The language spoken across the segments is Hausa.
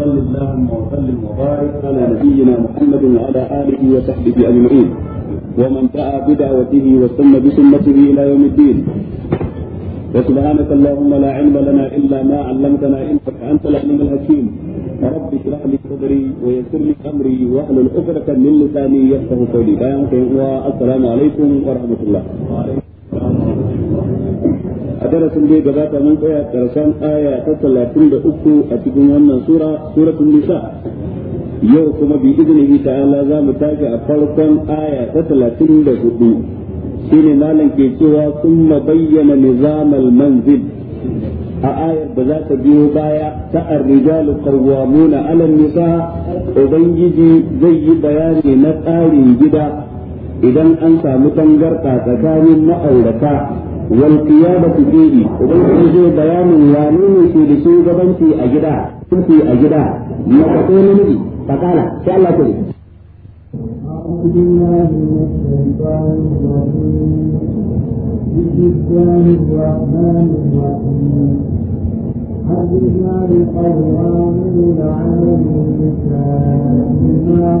وصل اللهم وسلم وبارك على نبينا محمد وعلى اله وصحبه اجمعين ومن دعا بدعوته وسن بسنته الى يوم الدين وسبحانك اللهم لا علم لنا الا ما علمتنا انك انت العليم الحكيم رب اشرح لي صدري ويسر لي امري واحلل عقدة من لساني يفقه قولي بيانك والسلام عليكم ورحمه الله وعليكم darasin dai ya gabata mun tsaya karshen aya ta talatin da uku a cikin wannan sura suratul nisa yau kuma bi ta ta'ala za mu tafi a farkon aya ta talatin da hudu shine malam ke cewa summa bayyana nizamal manzil a ayar da za ta biyo baya ta arrijalu qawwamuna 'ala nisa ubangiji zai yi bayani na tsarin gida idan an samu tangarda tsakanin ma'aurata والقيادة فيه وبنتي زي بيان وانين في لشي غبنتي أجدا كنتي أجدا تقول لي فقال شاء الله تري أعوذ بالله من الشيطان الرجيم بسم الله الرحمن الرحيم قد القرآن لعالم النساء بما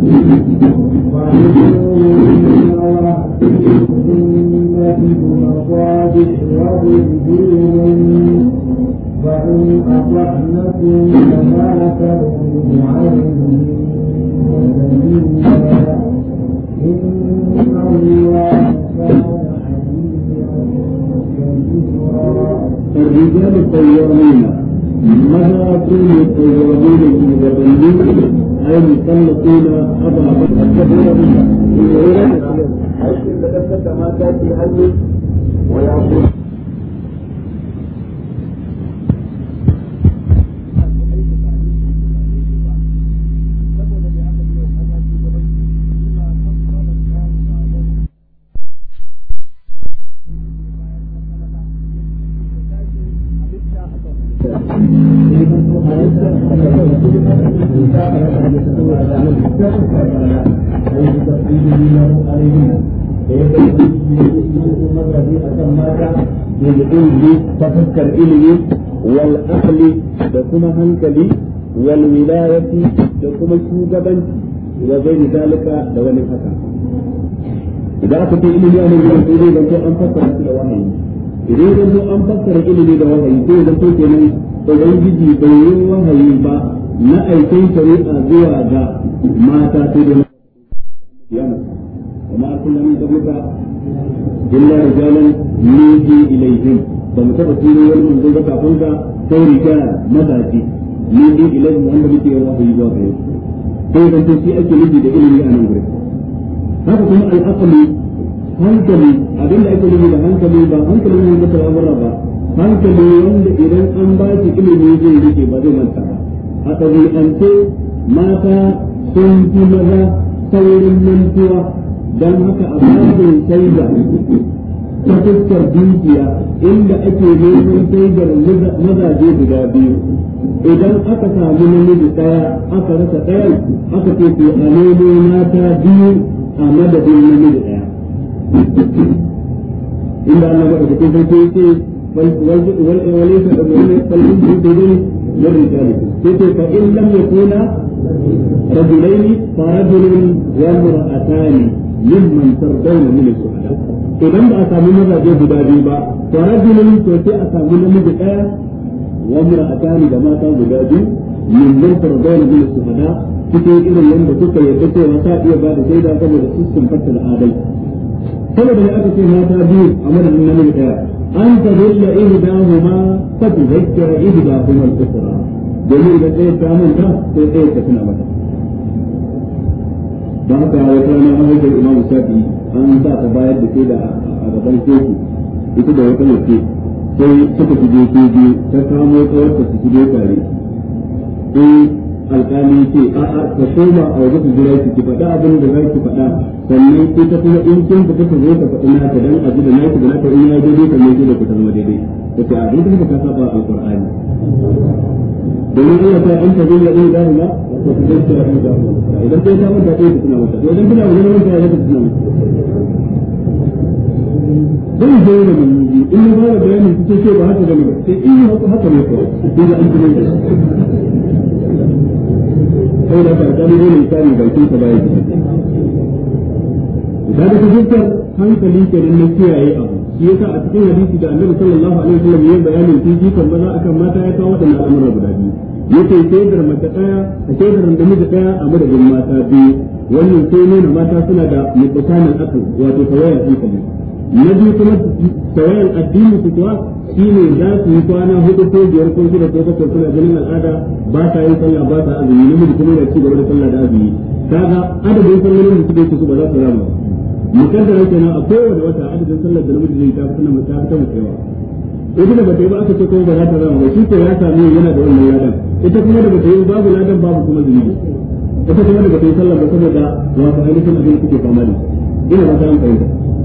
فإن أطعنكم فما تبغوا عليهم سبيلا إن الله كان الرجال الطيارين ماذا يقول الطيارين المتبنين المطلقين أضعف الكثير منها. ويأخذ أي تقليد له عليهم بالعلم تفكر إلي والأقل دكما هنكلي والولاية دكما شوغبا وغير ذلك لو نفكر إذا أخذت إلي أنا يقول لك أن تفكر في الوحي idan yanzu an fassara ilimi da wahayi sai zan to kenan ubangiji bai yi wahayi ba na aikin shari'a zuwa ga mata sai da yana amma kullum ne tabbata illa rijalan ba mu taba wani sai mazaji wanda muke yawa da zuwa ga sai dan to ake da ilimi a nan haka kuma al'aqli hankali abinda ake nufi da hankali ba hankali ne da ba hankali wanda idan an ba shi ilimi zai rike ba zai manta ba a ɗabi'ance mata sun fi maza saurin mantuwa don haka a babin saida ta fuskar dukiya inda ake neman saidar mazaje guda biyu idan aka samu namiji ɗaya aka rasa ɗayan aka ce ku a nemo mata biyu a madadin namiji ɗaya inda Allah ba da cikin sarki ce وليس الأمر من رجالكم فإن لم يكونا رجلين فرجل وامرأتان ممن ترضون من الشهداء idan ba a sami mazaje guda biyu ba to rajulun to sai a sami namiji daya wa mura'atani da mata guda biyu min man tardawna min shuhada cikin irin yanda kuka yarda cewa ta iya ba da shaida saboda sun fatta da adalci saboda da aka ce mata biyu a madadin namiji daya an ta iri da ta zilla ihdahuma fa tudhakkira ihdahuma al-ukhra domin da ɗaya ta manta sai ɗaya ta tuna mata da haka wata rana an haifa imam shafi an sa ta bayar da ke da a gaban kotu ita da wata mace sai suka shige kogi ta kamo tsawar ta su shige tare eh, alƙali ce a a ka koma a wajen su jira ki faɗa abin da za ki faɗa sannan ta kuma in kin fita ta zo ta faɗi naka dan a ji da naki da naka in ya daidai ka mai da ku ta zama daidai kace a duk ta ka saba alƙur'ani domin ina ta an tabi da ina na ko ta zai da ina idan kai ta mun ta kai kuna wata idan kuna wani wani ta yi ta yake kuna zai zo da mun in ba da bayanin kuke ce ba haka da ba sai in haka haka ne ko sai da an tabi sai da alƙali ne ne kare bakin sa bai da da dukkan hankali kenan na kiyaye abu shi yasa a cikin hadisi da Annabi sallallahu alaihi wasallam ya bayanin fifikon maza akan mata ya kawo wadannan al'amura guda biyu yake shaidar mace daya a shaidar namiji ɗaya a madadin mata biyu wannan sai nuna mata suna da mutsanin akal wato tawayan hankali na biyu kuma tawayan addini su kuwa shi ne za su yi kwana hudu ko biyar ko shida ko bakwai suna ganin al'ada ba ta yin sallah ba ta azumi namiji kuma yana ci gaba da sallah da azumi kaga adadin sallolin da suke su ba za su rama mukaddara kenan a kowane wata adadin sallar da namiji zai tafi sallar ta fita mace yawa ita da bata yi ba aka ce kuma ba za ta rama ba shi ko ya samu yana da wannan ladan ita kuma da bata yi babu ladan babu kuma zunubi ita kuma da bata yi sallar ba saboda wasu ainihin abin da suke fama da ina ba ta an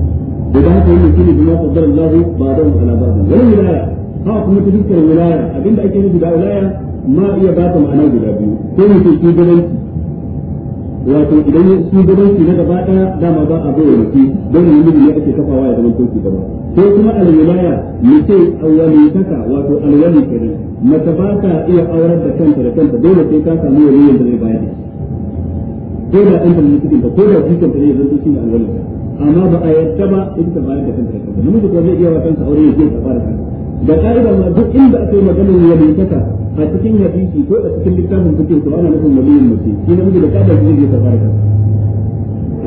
da haka wannan shine bima qaddara Allah ba da ala ba'd wal wilaya ha kuma ta dukkan wilaya abinda ake nufi da wilaya ma iya ba ta ma'ana guda biyu ko ne ke shugabanci wato idan shugabanci na gaba daya dama ba a bai wani don ne miji ne ake kafawa ya zama ko ko kuma alwilaya ne ce wato alwali kenan mace ba ta iya aurar da kanta da kanta dole sai ka samu waliyin da zai bayar ko da ɗan ne ta ko da ta ne shi ne alwali amma ba a yadda ba in ta bayar da kanta kanta namiji ko zai iya wa kansa aure ya ka fara kanta da ka'ida ma duk inda aka yi maganar waliyantaka a cikin hadisi ko a cikin littafin fitin ko ana nufin waliyin mutum shi namiji da ka'ida zai je ka fara kanta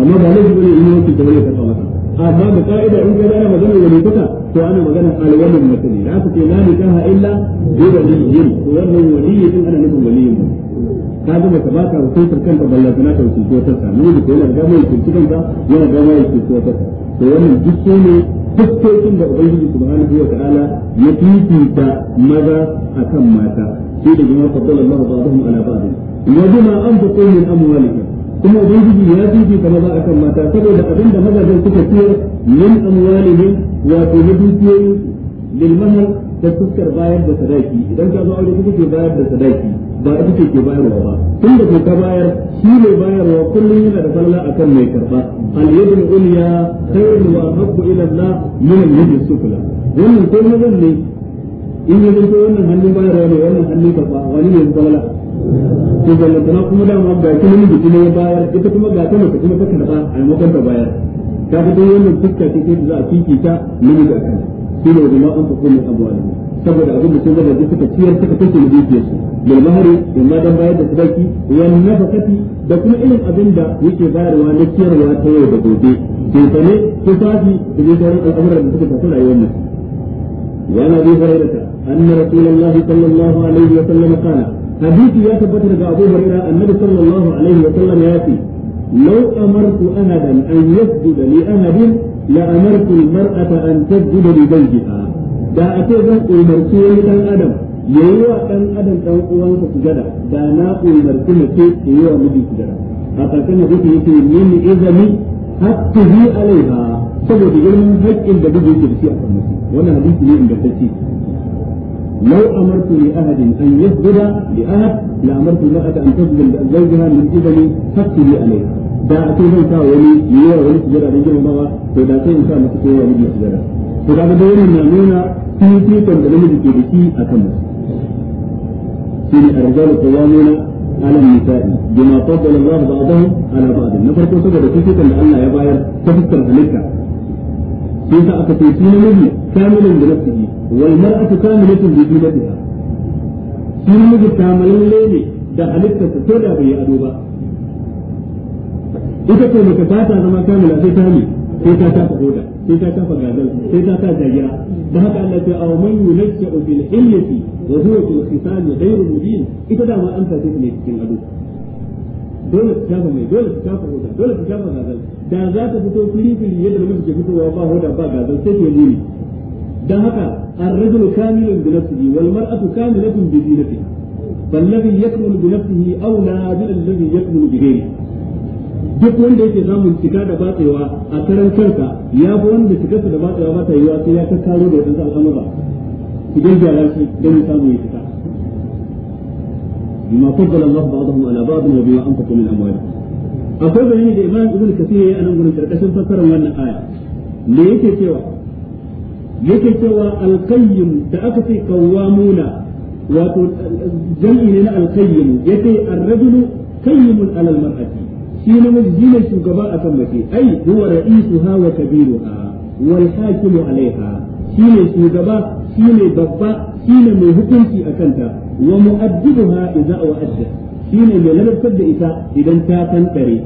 amma ba laifi bane in yau da wani kafa mata amma da ka'ida in yi ana maganar waliyantaka to ana maganar alwalin mutum da aka ce la nikaha illa bi waliyin to wannan waliyin ana nufin waliyin mutum ta ga ta ba ta wakiltar kanta ballanta na ta wakilci wata ta ne da yana da mai wakilci kanta yana da mai wakilci wata ta to wannan duk su ne fuskokin da ubangiji subhanahu wa ta'ala ya fifita maza akan mata sai da jama'a faddala Allah ba'dahum ala ba'd wa bima anfaqu min amwalihim kuma ubangiji ya fifita maza akan mata saboda abin da maza mazajen suka ce min amwalihim wato na dukiyoyin lil mahar ta fuskar bayar da sadaki idan ka zo aure kuma ke bayar da sadaki ba ita ce ke bayarwa ba tun da ke ka bayar shi ne bayarwa kullum yana da falla akan mai karba al yadul ulya khairun wa habbu ila Allah min al yadis sufla wannan ko mazan ne in yi zanto wannan hannun bayarwa ne wannan hannun karba wani ne falla to ballantana kuma mu ga kullum da kuma ya bayar ita kuma ga tana kuma ta karba a maimakon ta bayar ka ga dai wannan fuska ce ta za a ta fifita da kanta shi ne bima an tafi min amwalihim saboda abin da sun gaba da suka ciyar suka kace da dukiyar su bil mahri imma dan bayar da sadaki wa nafaqati da kuma irin abin da yake bayarwa na ciyarwa ta yau da gobe sai sane su tafi da dai sauran al'amuran da suka tafi rayuwar nan wa na bi hurairata anna rasulullahi sallallahu alaihi wa sallam kana hadisi ya tabbata daga Abu Hurairah annabi sallallahu alaihi wa sallam ya ce لو أمرت أحدا أن يسجد لأحد لأمرت المرأة أن تسجد لزوجها da a ce zan umarci wani dan adam ya yi wa dan adam dan uwansa gada da na umarci mace ya yi wa miji sujada a ƙarshen hadisi yake ni izami hakkihi alaiha saboda irin haƙƙin da miji yake a kan wannan hadisi ne inda take لو أمرت لأحد أن يسجد لأحد لأمرت المرأة أن تسجد لزوجها من إذن حقه عليها da sai zan sa wani yiwa wani sujada da ba to da sai in sa masa kowa wani sujada to da da wani na nuna fifikon da namiji ke da shi a kan shi ne arzalu qawamuna ala nisa'i bima faddala Allah ba'dahum ala ba'd na farko saboda fifikon da Allah ya bayar ta fuskar halitta sai sa aka ce shi namiji kamilin da nafsihi wal mar'atu kamilatun bi diniha shi namiji kamalalle ne da halittarsa ko da bai yi ado ba ita ce mace ta ta zama kamila sai ta ne sai ta ta hoda sai ta ta fagadal sai ta ta jagira da haka Allah ta aw man yunashshu bil ilmi wa huwa fil khisal ghayr mubin ita da ma an ta ce ne cikin ado dole ta shafa mai dole ta shafa hoda dole ta shafa gazal da za ta fito fili fili yadda mutum ke fitowa ba hoda ba gazal sai ke muni dan haka ar-rajul kamilun bi nafsihi wal mar'atu kamilatun bi بزينتها فالذي يكمل بنفسه أولى من الذي يكمل بغيره duk wanda yake samun cika da batsewa a karan kanka ya fi wanda cikarsa da batsewa ba ta yiwa sai ya kakkaro da wadansu al'amura su gyara shi don samun ya cika بما فضل الله بعضهم على بعض وبما انفقوا min اموالهم akwai bayani da imam ibn kasir yayi anan gurin karkashin fassarar wannan aya me yake cewa yake cewa alqayyim da aka ce qawwamuna wato jam'i ne na alqayyim yace ar-rajulu qayyimun 'ala al-mar'ati shi namiji shi ne shugaba akan mace ai huwa ra'isuha wa kabiruha wal hakimu alaiha shi ne shugaba shi ne babba shi ne mai hukunci a kanta wa mu'addibuha idza wa'adda shi ne mai ladabtar da ita idan ta kankare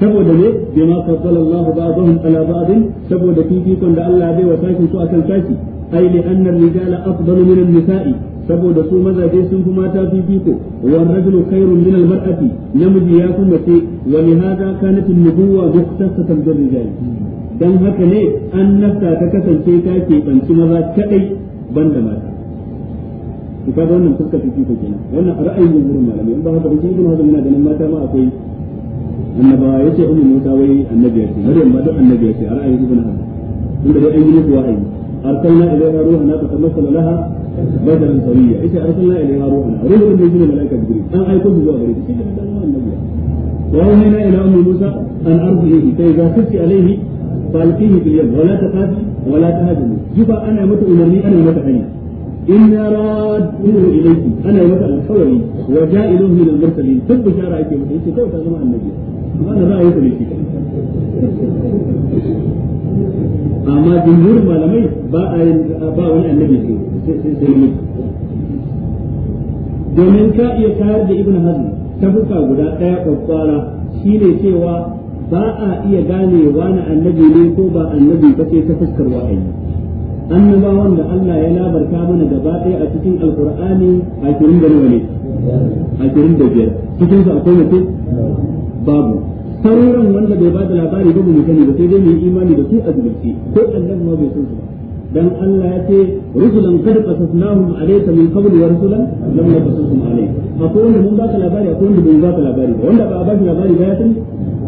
saboda ne bima faddala Allah ba'dahum ala ba'd saboda fifikon da Allah bai wa sakin su akan saki ai li anna ar-rijala afdalu min an-nisa'i saboda su mazaje sun fi mata fifiko wan rajulu khairun min al mar'ati namiji ya fi mace wa li hada kanat al nubuwa mukhtasatan bil rijal dan haka ne annabta ta kasance ta ke banci maza kadai banda mata to ga wannan fuska fifiko kenan wannan ra'ayin jumhurin malamai in ba haka ba ibn hazm yana ganin mata ma akwai annabawa yace ummu musa wai annabiya ce maryam ba duk annabiya ce a ra'ayin ibn hazm inda dai ayyuka yi أرسلنا إليها روحنا فتمثل لها بدلا سويا إيش أرسلنا إليها روحنا روح من يجي الملائكة جبريل أنا أيكم بجوا غريب كيف النبي وأوحينا إلى أم موسى أن أرضيه فإذا خفت عليه فألقيه في اليد ولا تخافي ولا تهاجمي جبا أنا متى أمرني أنا متى حي إنا رادوه إليك أنا مت حولي وجائله من المرسلين تب شارع كيف تقول هذا النبي أنا رأيت لك amma jumhur malamai ba a yin ba wani annabi sai sai domin ka iya tayar da ibn hazm ta fuska guda daya kwakwara shine cewa ba a iya ganewa na annabi ne ko ba annabi ba ce ta fuskar wa'ayi annabawan da Allah ya labarta mana gaba ɗaya a cikin alkur'ani ashirin da nawa a da biyar cikin akwai mutum babu sauran wanda bai bada labari ba mu sani ba sai dai mu yi imani da su a zuci ko annabi ma bai san su ba dan Allah ya ce rusulan qad qasasnahum alayka min qabl wa rusulan lam naqasasum alayka akwai wanda mun ba baka labari ko wanda ba baka labari ba wanda ba a baka labari ba ya sani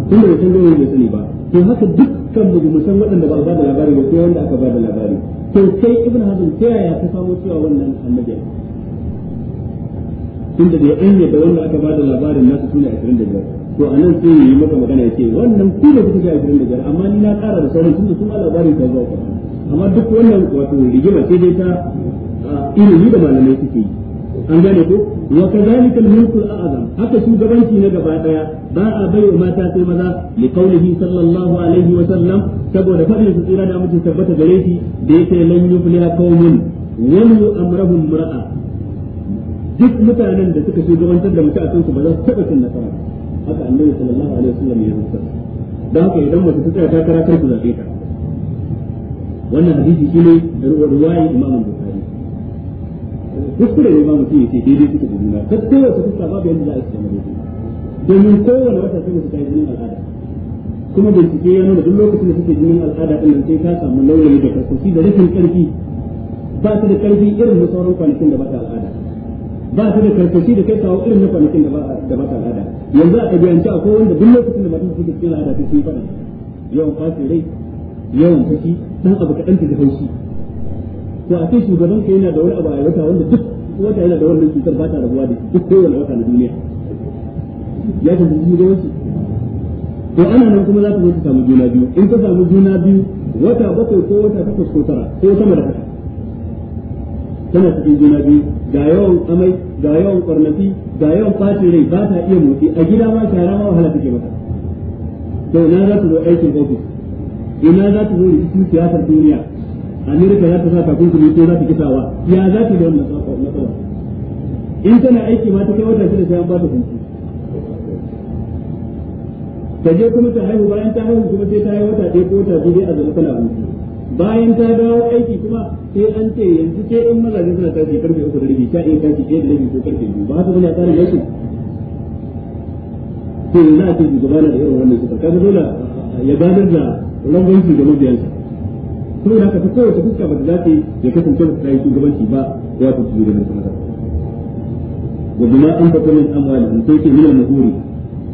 tun da san dole bai sani ba to haka dukkan mu mu san wadanda ba a bada labari ba sai wanda aka ba da labari to sai ibn hazm ta yaya ka samu cewa wannan annabi tunda da ya ayyana da wanda aka ba da labarin nasu sune 25 to a nan sai yi maka magana ya ce wannan ku da kuke ga da biyar amma ni na ƙara da sauran tunda sun labari ta zuwa amma duk wannan wato rigima sai dai ta ilimi da malamai suke yi an gane ko wa kadhalika al-mulku al-a'zam haka shugabanci na gaba daya ba a bai wa mata sai maza li qawlihi sallallahu alaihi wa sallam saboda fadin su tsira da mutum tabbata gare shi da yake lan yufliha qaumun walu amrahum mar'a duk mutanen da suka shugabantar da mutum a kansu ba za su taba cin ba haka annabi sallallahu alaihi wasallam ya rubuta haka idan mace ta kar ku zabe ta wannan hadisi shine Bukhari kuskure ne yake daidai suka juna babu yadda za a samu daidai domin kowane wata sai mutum ta jinin al'ada kuma bincike ya nuna duk lokacin da suke jinin al'ada ɗin sai ta samu laulayi da karkoshi da rashin karfi ba ta da karfi irin na sauran kwanakin da ba ta al'ada ba su da karkashi da kai kawo irin na kwanakin da ba da ba al'ada yanzu a ɗabi'ance akwai wanda duk lokacin da matan su cikin al'ada su sun fara yawan fasu rai yawan fashi dan abu kaɗan ta shi to a kai shugaban ka yana da wani abu a wata wanda duk wata yana da wannan cutar ba ta rabuwa da duk kowane wata na duniya ya ta zuci da wasu to ana nan kuma za ta zo ta samu juna biyu in ta samu juna biyu wata bakwai ko wata takwas ko tara ko sama da haka tana cikin juna biyu ga yawan amai ga yawan kwarnafi ga yawan fatin rai ba ta iya motsi a gida ma shara ma wahala take mata to ina za ta zo aikin ofis ina za ta zo rikicin siyasar duniya amerika za ta sa takunkumi ko za ta kisawa ya za ta da wannan matsala in tana aiki ma ta kai wata shida sai an ba ta hutu ta je kuma ta haihu bayan ta haihu kuma sai ta haihu wata ɗaya ko wata biyu a zama tana hutu bayan ta dawo aiki kuma sai an ce yanzu ce in mazaje suna tashi karfe uku da rabi sha iya tashi ɗaya da rabi ko karfe biyu ba haka bane a tsarin yaki to yanzu a ce shugaba na da irin wannan suka kaga dole ya gadar da ranganci ga mabiyansa kuma da haka ta kowace fuska ba da za ta yi ya kasance ta yi shugabanci ba ya fi su da shugabanci mata wa bima an fata min da sai ke min al-mahuri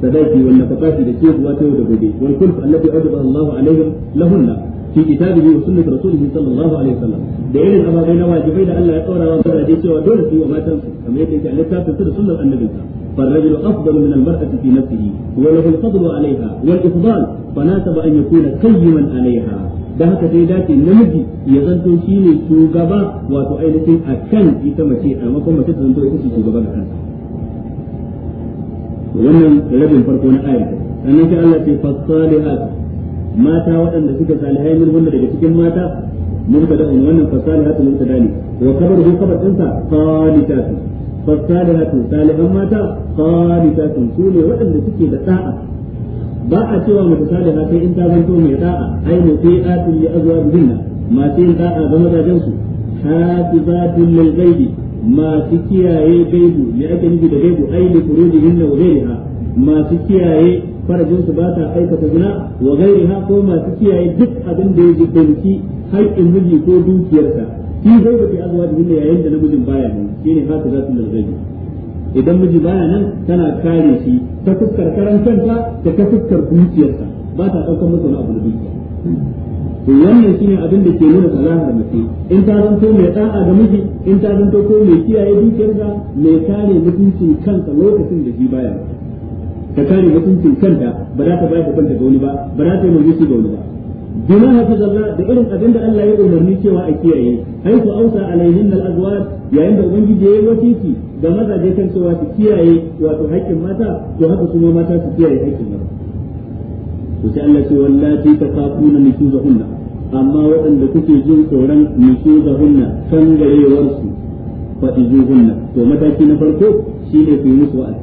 sadaki wal nafaqati da ke kuwa ta yau da gobe wal kulf allati awjaba Allah alaihim lahunna fi kitabihi wa sunnati rasulihi sallallahu alaihi wasallam da irin ababai na wajibai da Allah ya tsora wa mazaje cewa dole su yi wa matan su kamar yadda da sunnar annabinsa فالرجل أفضل من المرأة في نفسه وله الفضل عليها والإفضال فناسب أن يكون قيما عليها da haka sai dace namiji ya zanto shi ne shugaba wato ainihin a kan ita mace a makon mace ta zanto ita ce shugaba da kansa wannan rabin farko na aya sannan sai Allah ce fasalihat mata waɗanda suka salihai min wanda daga cikin mata mubtada'un wannan fasalihat mubtada ne wa kabaru ko kabar dinsa salihat fasalihat salihan mata salihat su ne waɗanda suke da da'a ba a cewa mata salihat sai in ta zanto mai da'a ai mu fi atin li azwajihinna masu yin da'a ga mazajen su hafizatul lil ghaibi masu kiyaye gaibu ya ake nufi da gaibu ai li inna wa ghairiha masu kiyaye farajin su ba ta aikata zina wa ha ko masu kiyaye duk abin da ya jibbanci haƙƙin miji ko dukiyarsa shi zai ke azuwa da hinna yayin da namijin baya nan shine haka za su lalgaibu idan miji baya nan tana kare shi ta fuskar karan kanta da ta fuskar dukiyarsa ba ta ɗaukar masa wani abu da dukiya wannan shine abin da ke nuna da mutum in ta zanto mai da'a ga miji in ta zanto ko mai kiyaye dukiyarsa mai kare mutuncin kansa lokacin da shi baya ta kare mutuncin kanta ba za ta bayar da kanta ga wani ba ba za ta yi mai ga wani ba bima hafiz zalla da irin abin da Allah ya umarni cewa a kiyaye haifu ausa alaihin al-azwaj yayin da ubangiji ya yi wasiki ga mazaje kan cewa su kiyaye wato haƙƙin mata to haka kuma mata su kiyaye haƙƙin mata to Allah ce wallati takafuna hunna amma waɗanda kuke jin tsoron nusuzahunna kangarewar su hunna to mataki na farko shine ku yi musu wa'azi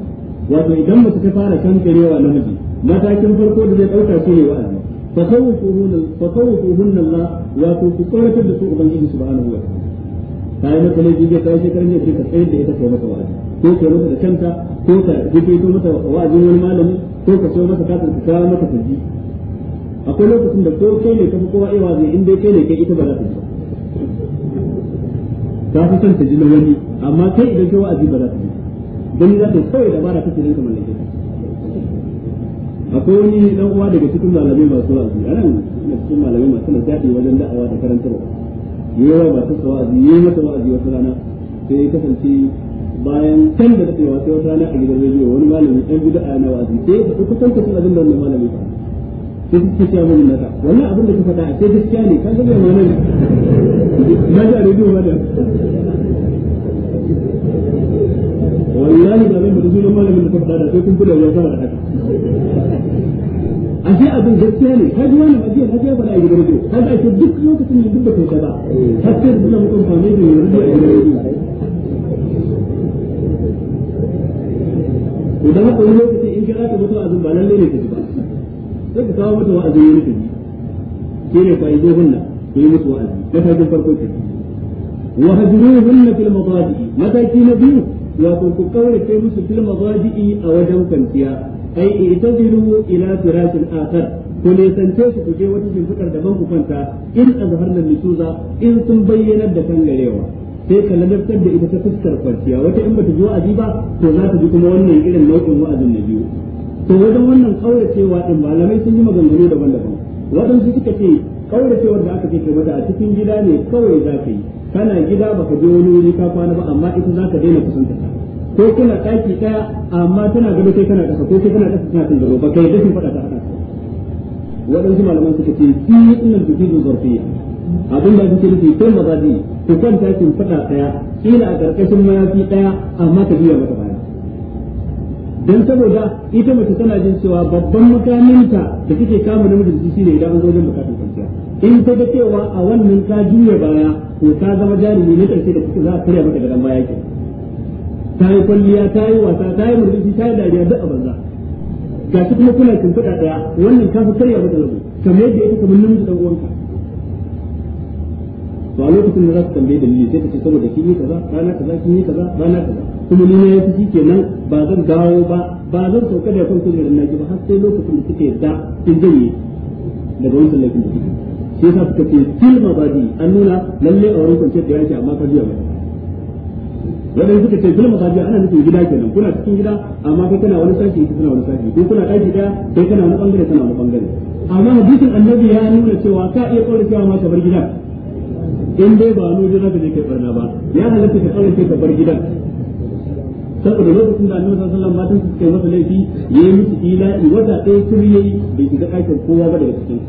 wato idan su ta fara na namiji matakin farko da zai dauka shine wa'azi fasawwuhunna fasawwuhunna Allah wato ku tsoratar da su ubangiji subhanahu wa ta'ala ka yi mata laifi zai kai shekarun yau sai ka tsayar da ita kai mata wa'azi ko kai mata da kanta ko ka jikaito mata wa'azin wani malami ko ka so masa katin ka kawo mata ta akwai lokacin da ko kai ne ka fi kowa iya wa'azi in dai kai ne kai ita ba za ta ji ka fi son ta ji na wani amma kai idan kai wa'azi ba za ta ji gani za ta kawai dabara ce nan kamar laifi akwai wani dan uwa daga cikin malamai masu wa'azi a nan cikin malamai masu nasiha wajen da'awa da karantarwa yawa ba masu wa'azi yi mata wa wa'azi wata rana sai ya kasance bayan can da dadewa wata wata rana a gidan rediyo wani malami ɗan dan bid'a na wa'azi sai ya faɗi kusan kusan abin da wani malami ba sai suke cewa mun nata wannan abin da ka faɗa a sai gaskiya ne kan gaba ma nan na ji a rediyo ma da wallahi ba nan da sunan malamin da ka faɗa da sai kun fura ya fara da haka a abin gaskiya ne kai wani ajiya ka ji bala a gidan rediyo ake duk lokacin da duk da kai ba har sai da kuma ne fami da rediyo da gidan rediyo idan haka wani lokacin in kira ka mutu a zuba lalle ne ka ji ba sai ka kawo mutu wa'azin yi nufi shi ne ka yi zo hunna ka yi mutu wa'azi ka ta farko ke wa hajiru hunna fil mabadi mataki na biyu wato ku kai musu fil mabadi a wajen kwanciya ai itadilu ila firasin akhar ku nisance su ku je wata shimfiɗar daban ku kwanta in a azharna nusuza in sun bayyana da kangarewa sai ka ladabtar da ita ta fuskar kwanciya wata in bata ji ba to za ta ji kuma wannan irin nau'in wa'azin na biyu to wajen wannan kauracewa din malamai sun yi maganganu daban-daban waɗansu suka ce kauracewar da aka ce ke mata a cikin gida ne kawai za ka yi kana gida baka je wani wuri ka kwana ba amma ita za ka daina kusanta ko kuna daki ɗaya amma tana gaba kai kana kasa ko kai kana kasa tana kan gaba ba kai da sun faɗa ta haka waɗansu malaman suka ce shi ɗinnan da jizon zarfiya abin da suke nufi kai mazaji ku kwanta kin faɗa ɗaya ila a ƙarƙashin mayafi ɗaya amma ka biya mata baya dan saboda ita mace tana jin cewa babban ta da kike kama namiji da shi ne idan an zo wajen bukatun kwanciya in ta ga cewa a wannan ka juya baya ko ka zama jarumi ne karshe da kuka za a karya maka gadan baya kenan ta yi kwalliya ta yi wasa ta yi murmushi ta yi dariya duk a banza ga shi kuma kuna cin kuɗa ɗaya wannan ka fi karya maka lagu kamar yadda yake kamar namiji ɗan uwanka to a lokacin da za ka tambaye dalili sai ka ce saboda kin yi kaza rana kaza kin yi kaza rana kaza kuma ni na yafi kenan ba zan dawo ba ba zan sauka da kan da naki ba har sai lokacin da suka da in janye daga wancan laifin da suke sai ka ce tilma badi an nuna lalle a wurin kwanciyar da yanki amma ka biya mai wanda suka ce kula masajiya ana nufin gida kenan kuna cikin gida amma kai kana wani sashi ita kana wani sashi ko kuna ɗaki ɗaya kai kana wani ɓangare kana wani ɓangare amma hadisin annabi ya nuna cewa ka iya kaura cewa ma ka bar gida in dai ba nu jira je kai barna ba ya halatta ka ce ka bar gida. saboda lokacin da annabi sallallahu alaihi wasallam matan su kai masa laifi yayi musu ila'i wata ɗaya kiryayi bai shiga ɗakin kowa ba daga cikin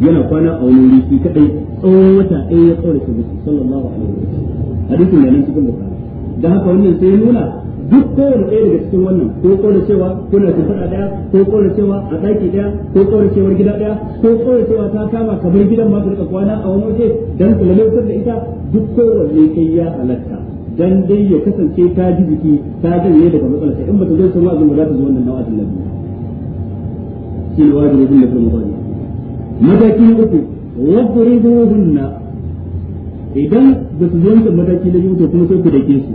yana kwana a wani wuri shi kaɗai tsawon wata ɗaya ya ƙaura ka musu sallallahu alaihi wasallam hadisin ne nan cikin bukari dan haka wannan sai nuna duk da ɗaya daga cikin wannan ko ko da cewa kuna shimfiɗa ɗaya ko da cewa a ɗaki ɗaya ko da cewa gida ɗaya ko da cewa ta kama kamar gidan ma ka kwana a wani waje dan kulalautar da ita duk ne kai ya halatta dan dai ya kasance ta ji jiki ta janye daga matsalarsa in bata zo ta ma azumi za ta zo wannan nawa'azin lafiya shi ne wa'azin lafiya mataki na uku wadda ribuhunna idan ba su zuwa mataki na biyu kuma sai ku dake su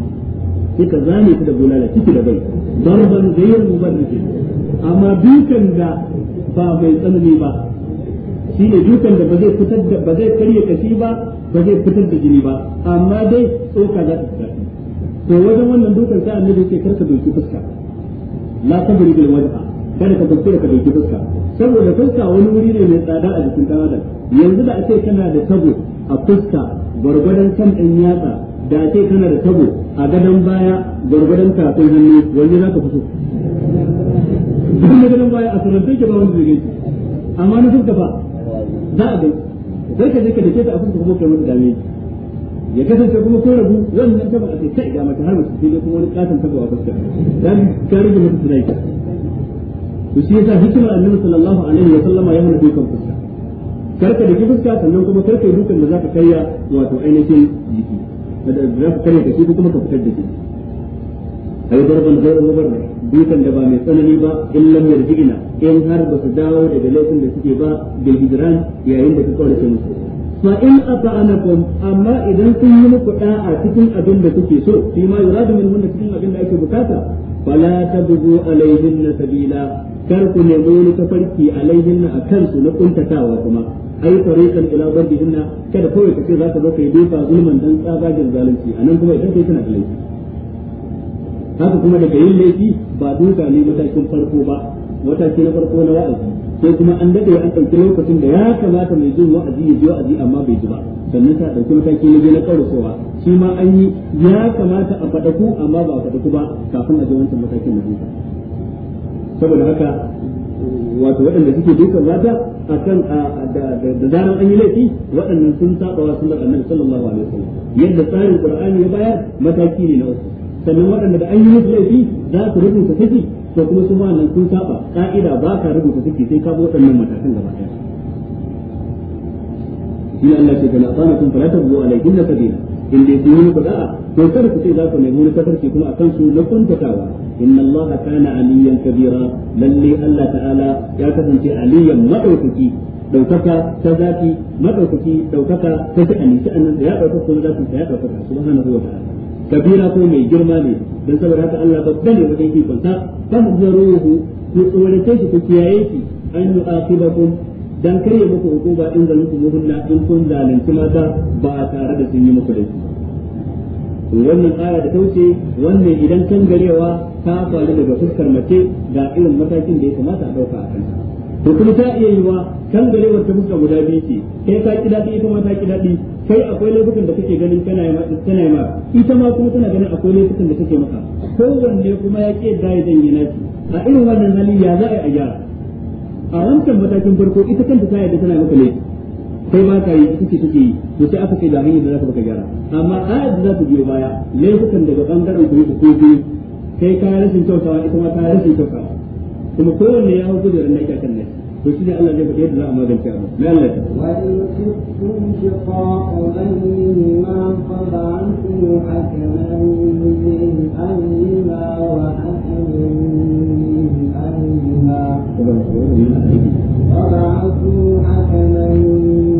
sai ka zane ku da bulala ciki da bai darban ban mubarriki amma dukan da ba mai tsanani ba shi ne dukan da ba zai fitar da ba zai karya kashi ba ba zai fitar da jini ba amma dai tsoka za ta fita to wajen wannan dukan sai annabi sai karka doki fuska la tabri bil wajha kada ka kuskure ka doki fuska saboda fuska wani wuri ne mai tsada a jikin dan adam yanzu da ake kana da tabo a fuska gwargwadon kan ɗan yatsa da ce kana da tabo a gadon baya gwargwadon tafin hannu wani za ka fito so duk gadon baya a sarrafe ke ba wanda zai gaishe amma na sun ba za a gai sai ka zai ka da ke ta a fuska kuma kai mata dame ya kasance kuma ko rabu wannan tabo a kai kai ga mata har mace sai dai kuma wani katon tabo a fuska dan ka rage mata ka to shi yasa hikimar annabi sallallahu alaihi wa sallama ya hana dukan fuska karka da fuska sannan kuma karka yi dukan da za ka karya wato ainihin jiki da za ka karya da shi kuma ka fitar da shi ai darban zai mubar dukan da ba mai tsanani ba in lam jigina in har ba su dawo daga laifin da suke ba bil hijran yayin da ka kaurace musu fa in ata'anakum amma idan sun yi muku da'a cikin abin da kuke so shi ma yuradu min hunna cikin abin da ake bukata fala tabghu na sabila kar ku nemi wani tafarki alaihinna akan su na kuntatawa kuma ai tarikan ila inna kada kawai kace zaka zo kai dufa zulman dan tsagagin zalunci anan kuma idan kai kana da laifi haka kuma daga yin laifi ba duka ne matakin farko ba mataki na farko na wa'azi sai kuma an dade an ɗauki lokacin da ya kamata mai jin wa'azi ya biyo wa'azi amma bai ji ba sannan ta ɗauki mataki na biyu na ƙaurasowa shi ma an yi ya kamata a faɗaku amma ba a faɗaku ba kafin a ji wancan matakin na saboda haka wato waɗanda suke dukan a kan da zaran an yi laifi waɗannan sun saba wa sunnar annabi sallallahu alaihi wasallam yadda tsarin qur'ani ya bayar mataki ne na wasu. sannan waɗanda da an yi musu laifi za su rubuta saki to kuma su wannan sun saba ka'ida ba ka rubuta saki sai ka bi waɗannan matakan gaba ɗaya shi Allah ke kana tsana fara tabbu alaihi na sabila in dai sun yi muku da'a to kada ku ce za ku nemi wani kafarki kuma a kansu na kuntatawa inna allaha kana aliyan kabira lalle allah ta'ala ya kasance aliyan madaukaki daukaka ta zafi madaukaki daukaka ta sha'ani sha'anin da ya daukaka kuma zafi ta ya daukaka subhanahu wa ta'ala kabira ko mai girma ne dan saboda haka allah babba ne wajen ikon sa fahzaruhu ku tsorace shi ku kiyaye shi an yu'aqibakum dan kare muku in zalunku muhunna in sun zalunci mata ba tare da sun yi muku wannan aya da tauce wannan idan kan garewa ta faru daga fuskar mace ga irin matakin da ya kamata a dauka a kanta to kuma ta iya yiwa kan garewar ta fuskar guda biyu ce kai ka ki daɗi ita ma ta ki dadi kai akwai laifukan da kake ganin kana yi tana ma ita ma kuma tana ganin akwai laifukan da kake maka kowanne kuma ya ke da ya zanyi naki a irin wannan hali ya za a yi a gyara a wancan matakin farko ita kanta ta yadda tana maka laifi kai ma ka yi suke suke yi to sai aka kai da hanyar da zaka baka gyara amma ayar da za ta biyo baya laifukan daga bangaren ku ku kofi kai ka rashin kyautawa ita ma ta rashin kyautawa kuma kowanne ya hau gudunar da kan nan to shi ne Allah zai faɗi yadda za a magance abu mai Allah ta wa in kuntum shiqaqa hakaman min wa hakaman min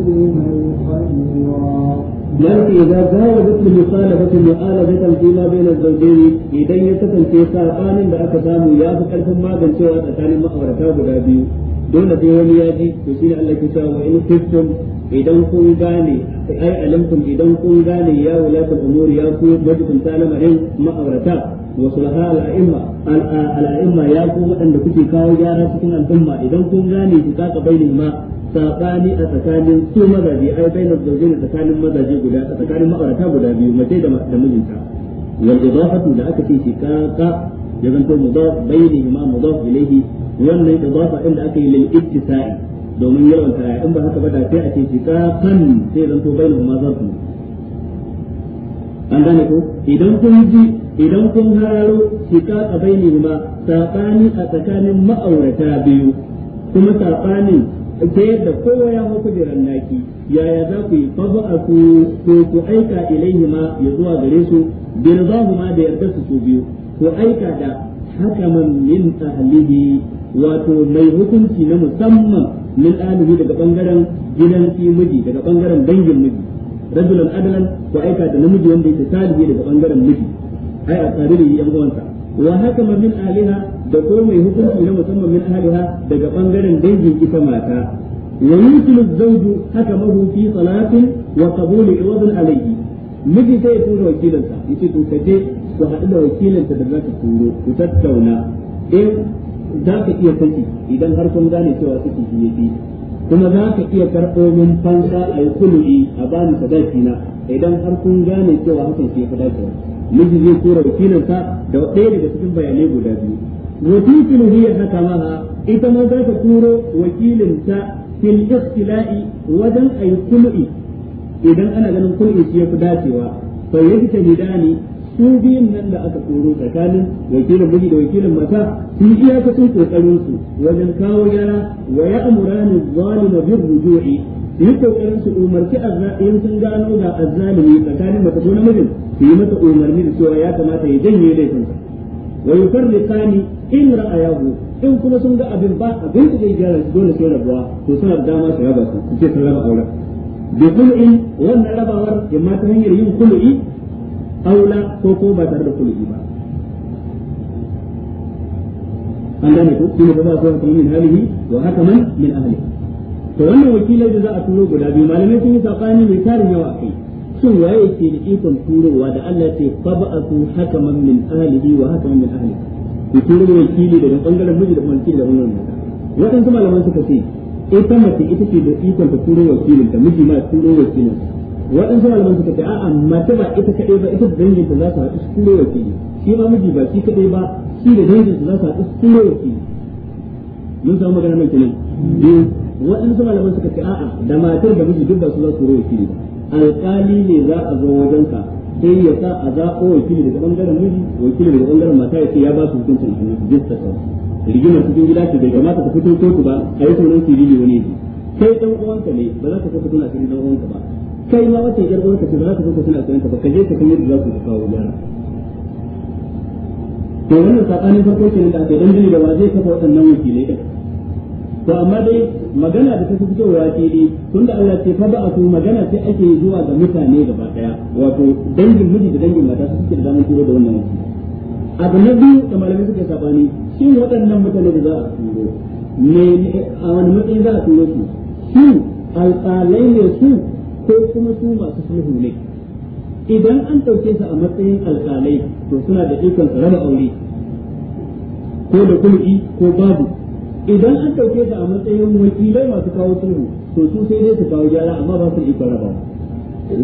yanzu idan ala da musalabati mu'alabatan fima bainal zawjayn idan ya kasance sabanin da aka samu ya fi karfin magancewa tsakanin ma'aurata guda biyu dole sai wani ya ji to shine Allah ke cewa in kuntum idan kun gane ai alamtum idan kun gane ya wulatul umuri ya ku wajibin din ma'aurata wa sulaha al'a'imma al'a'imma ya ku waɗanda kuke kawo gyara cikin al'umma idan kun gane ku kaka bainin ma sabani a tsakanin su mazaje ai bainar zaujain tsakanin mazaje guda tsakanin ma'aurata guda biyu mace da mijinta wal idafatu da aka ce shi kaka ya zanto mudaf bayni ma mudaf ilayhi wannan idafa inda aka yi lil ittisa'i domin yawan ta in ba haka ba da sai a ce shiqaqan sai zanto bayni ma zarfu an gane ko idan kun ji idan kun hararo shiqaqa bayni ma sabani a tsakanin ma'aurata biyu kuma sabanin ta yadda kowa ya hau kujerar naki yaya za ku yi fafa a ku ko ku aika ilaihima ya zuwa gare su bi ma da yarda su su biyu ko aika da hakaman min ahlihi wato mai hukunci na musamman min ahlihi daga bangaren gidan shi miji daga bangaren dangin miji rajulan adalan ko aika da namiji wanda yake salihi daga bangaren miji ai a tsariri yan uwansa wa hakaman min ahliha da ko mai hukunci na musamman min ahliha daga bangaren dangin ita mata ويمكن الزوج حكمه في صلاة وقبول عوض alaihi miji sai ya tura wakilinsa yace ce to ku haɗu da wakilinta da za ka turo ku tattauna in eh, za ka iya saki idan har kun gane cewa suke shi yafi kuma za ka iya karɓo min fansa a yi kulu'i a bani sadaki na idan har kun gane cewa hakan ke yafi dacewa miji zai tura wakilinsa da ɗaya daga cikin bayanai guda biyu wakilin hiya na ha ita ma za ta turo wakilinta fil ikhtila'i wajen a yi kulu'i idan ana ganin kulu'i shi fi dacewa fa yajtahidani su biyun nan da aka tsoro tsakanin wakilin miji da wakilin mata su yi iyakacin kokarin su wajen kawo gyara wa ya amura amurani zalima bi rujui su yi kokarin su umarci in sun gano da ne tsakanin mata ko namijin su yi masa umarni da cewa ya kamata ya janye laifinsa wa yufarriqani in ra'ayahu in kuma sun ga abin ba abin da zai gyara su dole sai rabuwa to suna da dama su raba su su ce sun raba auren bi kul'in wannan rabawar imma ta hanyar yin kul'i aula ko ko ba tare da kulubi ba an gane ko kuma ba ko kuma min halihi wa haka man min ahli to wannan wakilai da za a turo guda biyu malamai sun yi sabani mai tarin yawa kai sun waye ke da ikon turowa da Allah ya ce haka hakaman min ahlihi wa hakaman min ahli ku turo wakili daga bangaren miji da mulki da wannan wadansu malaman suka ce ita mace ita ce da ikon ta turo wakilin ta miji ma turo wakilin ta waɗansu malaman suka ce a'a mace ba ita kaɗai ba ita dangin ta za su haɗu su kure wakili shi ma miji ba shi kaɗai ba shi da dangin ta za su haɗu su kure wakili mun samu magana mai kenan waɗansu malaman suka ce a'a da matar da miji duk ba su za su kure wakili ba alƙali ne za a zo wajen ka sai ya sa a zaɓo wakili daga ɓangaren miji wakili daga ɓangaren mata ya ce ya ba su hukuncin hannu su da kawai rigimar cikin gida ce bai kamata ka fito kotu ba a yi sauran ne wani ne sai ɗan uwanka ne ba za ka fito a cikin ɗan uwanka ba kai ma wata yadda wata ce ba za ka zo ka suna sayanta ba ka je ka san yadda za ku kawo gyara to wannan sakanin farko kenan da aka dangane da wa zai kafa waɗannan wakilai din to amma dai magana da ta fi fitowa ce dai tun da Allah ce fa ba su magana sai ake zuwa ga mutane gaba daya wato dangin miji da dangin mata su suke da zaman turo da wannan wasu abu na biyu da malamai suke sabani shin waɗannan mutane da za a turo ne a wani matsayi za a turo su shin alƙalai ne su ko kuma su masu sulhu ne idan an ɗauke su a matsayin alƙalai to suna da ikon raba aure ko da kulki ko babu idan an ɗauke su a matsayin wakilai masu kawo sulhu to su sai dai su kawo gyara amma ba su ikon raba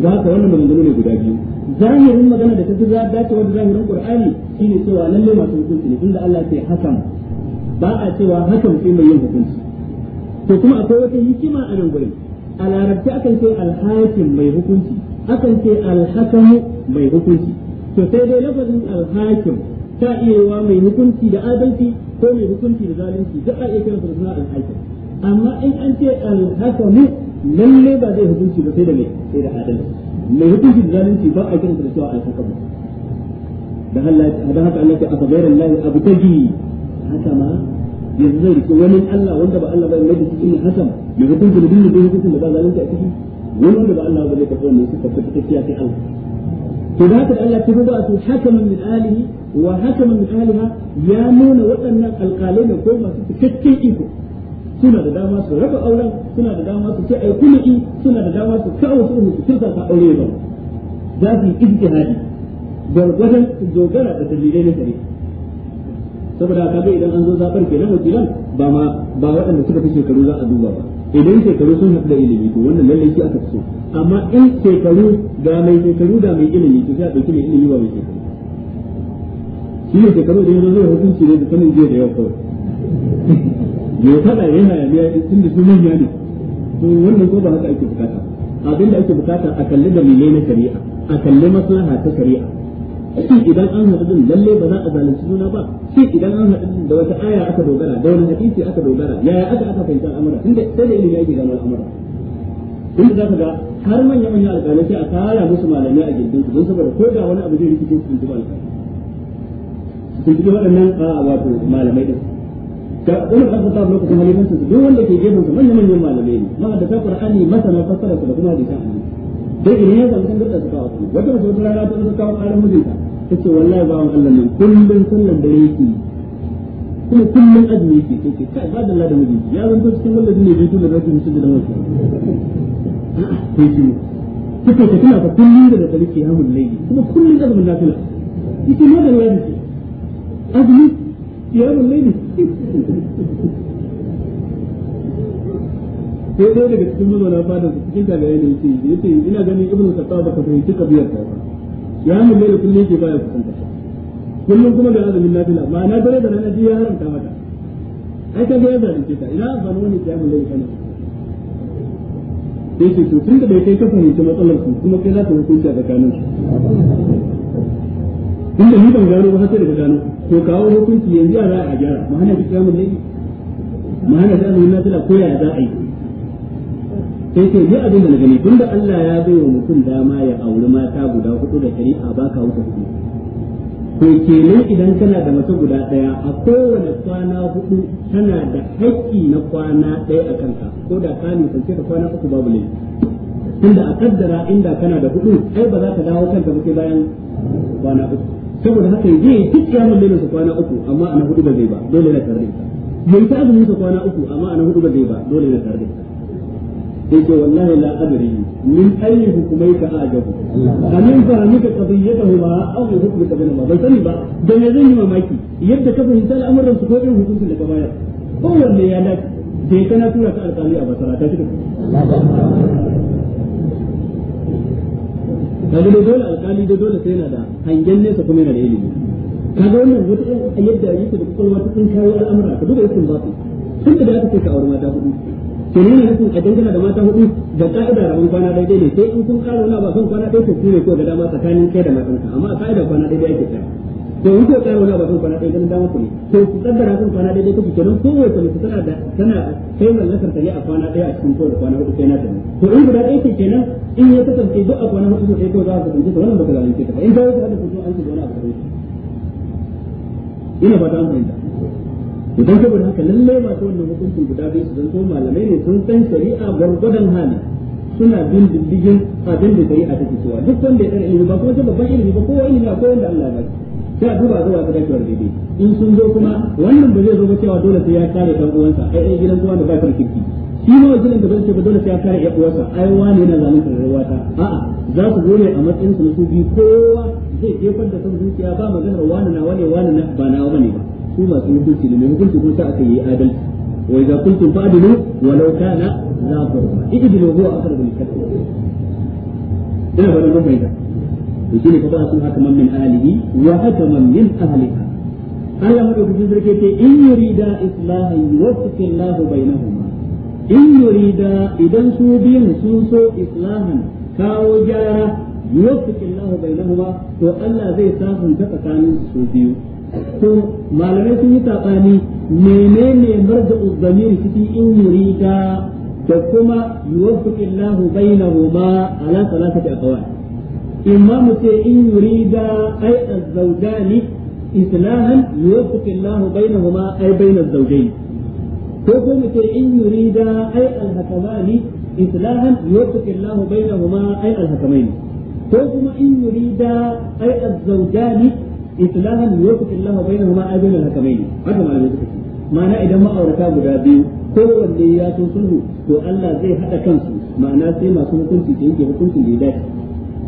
za ka wannan maganganu ne guda biyu zahirin magana da ta fi dacewa da zahirin qur'ani shine cewa lalle masu hukunci ne tunda Allah ya hakan ba a cewa hakan sai mai yin hukunci to kuma akwai wata hikima a nan a larabci akan ce alhakim mai hukunci akan ce alhakamu mai hukunci to sai dai lafazin alhakim ta iya mai hukunci da adalci ko mai hukunci da zalunci duk a iya alhakim amma in an ce alhakamu lalle ba zai hukunci ba sai da mai sai da adalci mai hukunci da zalunci ba a da cewa alhakamu da haka Allah ya ce a abu haka ma yanzu zai rike wani Allah wanda ba Allah ba mai da cikin hakan ya hukun da dinin da hukuncin da ba zalunci a ciki wani wanda ba Allah ba zai kafa wannan suka ta tafiya kai Allah to da haka Allah ta ba su hakaman min alihi wa hakaman min aliha ya nuna waɗannan alƙalai ne ko masu cikakken iko suna da dama su raba auren suna da dama su ce ai kulli suna da dama su kawo su su kirka ta aure ba za su yi ijtihadi gwargwadon dogara da dalilai na shari'a saboda ga idan an zo zaɓar ke nan wakilan ba ma ba waɗanda suka fi shekaru za a duba ba idan shekaru sun haɗu da ilimi to wannan lallai shi aka so amma in shekaru ga mai shekaru da mai ilimi to sai a ɗauki mai ilimi ba mai shekaru shi ne shekaru da yanzu zai hukunci ne da sanin jiya da yau kawai ya faɗa yana yamiya tun da su manya ne to wannan ko ba haka ake bukata abinda ake bukata a kalli dalilai na shari'a a kalli maslaha ta shari'a shin idan an haɗu din lalle ba za a zalunci juna ba shin idan an haɗu din da wata aya aka dogara da wani hadisi aka dogara yaya aka aka fahimta al'amura tunda sai da ilimi yake gano al'amura tunda za ka ga har manya manyan alƙalai sai a tara musu malamai a gindin su don saboda ko da wani abu zai rikice su tuntuɓa alƙalai tuntuɓi waɗannan a wato malamai din da ɗan ƙasa ta lokacin halimansu duk wanda ke gefen su manya manyan malamai ne ta ƙur'ani masana fassara su da kuma hadisan annabi dai idan ya samu kan gurɗa su kawo wata mace wata rana ta zo kawo ƙarar mijinta tace wallahi ba mu Allah ne kullun sallan dare yake kuma kullun azumi yake to ke kai ba da Allah da miji ya zan ko cikin wallahi ne bai tula zaki musu da wasu to shi kike ka tuna ka kullun da da dare ya mun laili kuma kullun azumin nafila yake ma da wani wajibi azumi mun laili sai dai daga cikin mazauna fadar cikin tagaye ne yake yake ina ganin ibnu khattab ka fahimci kabiyar ta ba ya mu ne kullum ke baya kusanta kullum kuma da azumin nafila ma'ana dare da rana ya haramta mata ai ka ga ya ta ina ya mu ne kana sai ce to tun da bai kai ka fahimci matsalar su kuma kai za ka hukunta tsakanin su inda ni ban gano ba sai gano to kawo hukunci yanzu a za a gyara ma'ana ki kiyamun ne ma'ana da azumin nafila ko ya za a yi sai ce ni abin da na gani tunda Allah ya bai wa mutum dama ya auri mata guda hudu da shari'a baka wuce hudu to kenan idan kana da mace guda daya a kowane kwana hudu tana da haƙƙi na kwana ɗaya a kanka ko da ka nisance ka kwana uku babu laifi tunda a kaddara inda kana da hudu ai ba za ka dawo kanka ba sai bayan kwana uku saboda haka zai duk ya mun su kwana uku amma ana hudu ba zai ba dole na tare da ita ta azumin sa kwana uku amma ana hudu ba zai ba dole na tare da ita yake wallahi la adri min hukumai ka ajabu qadiyatahu ma aw hukmu qabla ma bai ba dan mamaki yadda ka fahimta al'amuran su ko hukuncin da ka bayar ko wanne ya dai kana tura ka alƙali a basara ta shi dole alƙali dole sai yana da hangen nesa kuma yana da ilimi kaga wannan wata yadda yake da ta al'amura ka yakin ba su tun da aka ce ka aure mata hudu to ne ne nufin idan da mata hudu da ka'ida da rabon kwana daidai ne sai in kun kara wani ba kan kwana daidai ku ne ko da dama tsakanin kai da matanka amma a ka'ida kwana daidai ake tsaya to in kuka kara wani ba kan kwana daidai ganin dama ku ne to ku kaddara kan kwana daidai kuke kenan kowace mace tsara da tana kai mallakar ta ne a kwana daya a cikin ko da kwana hudu kai na ta to in guda ɗaya ke kenan in ya kasance duk a kwana hudu sai ko za ka tunce ta wannan ba baka zalunce ta ba in ka yi ta da kuma an ci wani abu da ina fata an fahimta idan saboda haka lalle masu wannan hukuncin guda biyu su zanto malamai ne sun san shari'a gwargwadon hali suna bin diddigin abin da shari'a take cewa duk wanda ya tsara ilimi ba kuma babban ilimi ba kowa ilimi akwai wanda Allah ya ba sai a duba zuwa ta dakewar daidai in sun zo kuma wannan ba zai zo ba cewa dole sai ya kare dan uwansa ai ai gidan kuma da ba ta kirki shi ma wajen da zai ba dole sai ya kare ya uwarsa ai wani yana zalunta rayuwa ta a'a za su gore a matsayin su na su biyu kowa zai jefar da son zuciya ba maganar wani na wani wani na ba na wani ba su masu hukunci ne mai hukunci ko ta aka yi adalci wa idza qultum fa'dilu walau kana la qurba idlu huwa aqrabu lil taqwa ina ba mun bayyana to shine fa ba sun haka man min ahlihi wa haka man min ahliha Allah madaukakin sarki ce in yurida islahan yuwaffiqu Allahu bainahuma in yurida idan su biyan sun so islahan kawo gyara yuwaffiqu Allahu bainahuma to Allah zai sahunta tsakanin su biyu to malamai sun yi tsakani menene marja'u uzamir cikin in yurida da kuma yuwaffiqu Allahu bainahuma ala salatati aqwal imma mutai in yurida ay az-zawjani islahan yuwaffiqu Allahu bainahuma ay bain az-zawjayn ko ko mutai in yurida ay al-hakamani islahan yuwaffiqu Allahu bainahuma ay al-hakamayn ko kuma in yurida ay az-zawjani islahan yuqti Allah bainahuma ajal al-hakamain haka malamai suka ce ma'ana idan ma'aurata guda biyu kowanne ya so sulhu to Allah zai hada kansu ma'ana sai masu hukunci da yake hukuncin da ya dace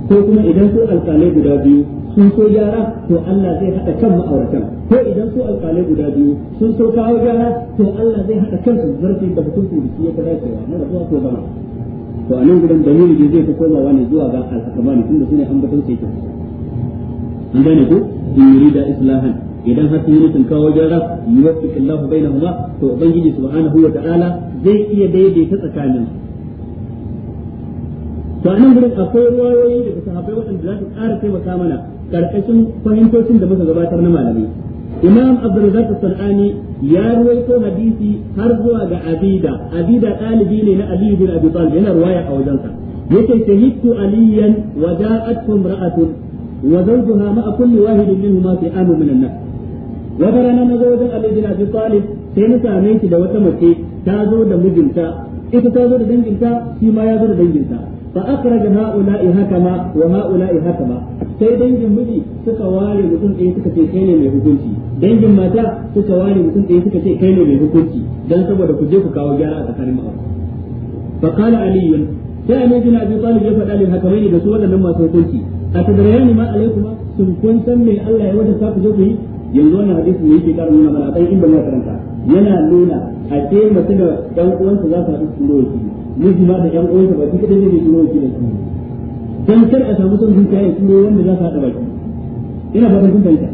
ko kuma idan su alƙalai guda biyu sun so gyara to Allah zai haɗa kan ma'auratan ko idan su alƙalai guda biyu sun so kawo gyara to Allah zai haɗa kansu zarfi da hukunci da shi ya dacewa na rasuwa ko zama to a nan gudan dalili zai fi komawa ne zuwa ga alhakamani tunda su ne ambaton sai an gane ko in yurida islahan idan har sun yi nufin kawo gyara yuwaffiq Allahu bainahuma to ubangiji subhanahu wa ta'ala zai iya daidaita tsakanin to anan gurin akwai ruwayoyi da sahabbai waɗanda za su ƙara taimaka mana karkashin fahimtocin da muka gabatar na malamai imam abdulrazak sanani ya ruwaito hadisi har zuwa ga abida abida ɗalibi ne na aliyu bin abi talib yana ruwaya a wajensa yake shahidtu aliyan wa ja'at imra'atun وزوجها مع كل واحد منهما فئام من الناس وبرنا نزوج علي بن ابي طالب سينتا سامي da wata mace ta zo da mijinta ita ta zo da danginta shi ma ya zo da danginta fa akhraj haula'i hakama wa haula'i hakama sai dangin miji suka ware mutum ɗaya suka ce kai ne mai hukunci dangin mata suka ware mutum ɗaya suka ce kai ne mai hukunci Don saboda ku je ku kawo gyara a tsakanin ma'aurata fa qala ali sai annabi bin abi talib ya faɗa lil hakamai da su waɗannan masu hukunci a tadarayani ma alaikuma sun kun san me Allah ya wada ku je ku yi yanzu wannan hadisi ne yake karin nuna mana dan inda muka karanta yana nuna a ce mace da ɗan uwansa za su haɗu su roki miji ma da ɗan uwansa ba shi kadai ne su roki da su dan kar a samu son zuciya ya turo wanda za su haɗa baki ina fatan kun fahimta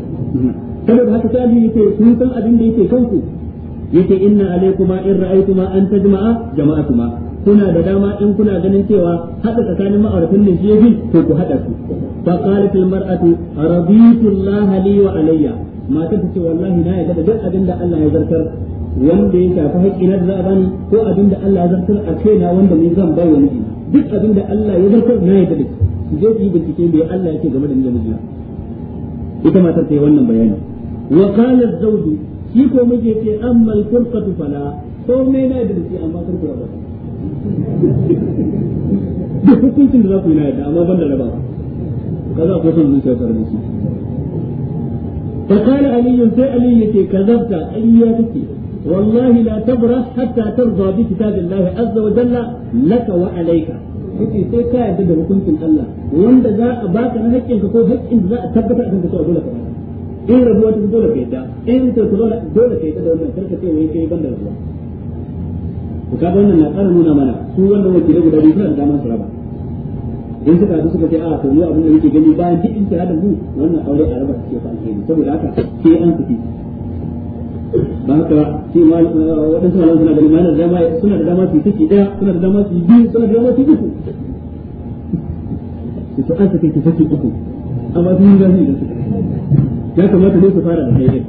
saboda haka sai abin yake kun san abin da yake kanku yake inna alaikuma in ra'aytuma an tajma'a jama'atuma kuna da dama in kuna ganin cewa hada tsakanin ma'auratan ne shi yafi to ku haɗa su fa qalat al mar'atu raditu Allah li wa alayya mata ta ce wallahi na yarda da duk abin da Allah ya zartar wanda ya shafi haƙƙina da bani ko abin da Allah ya zartar a kaina wanda ni zan bai wa miji duk abin da Allah ya zartar na yarda da shi je ku yi bincike me Allah yake game da mijina ita matar ta yi wannan bayani wa qala az-zawju shi ko miji ce amma al-furqatu fala ko me na da shi amma kar ku rabata duk hukuncin da za ku yi na yadda amma ban da raba kaza ko son zuciya tare da shi فقال علي سي علي كذبت أياتك والله لا تبرح حتى ترضى بكتاب الله عز وجل لك وعليك sai ka yarda da hukuncin Allah wanda za a baka na haƙƙin ka ko haƙƙin da za a tabbata a kanka ko dole ka in rabuwa ta dole ka yadda in ta dole ka yadda da wannan karka da to kaga wannan nuna mana su wannan da guda biyu suna da damar raba in suka suka ce a to yau abin da yake gani bayan duk in da mu wannan aure a raba su ke saboda haka ke an fiti ba haka shi ma eh, malamai suna suna da dama su suna da dama su biyu suna da dama su da su ya kamata ne su fara da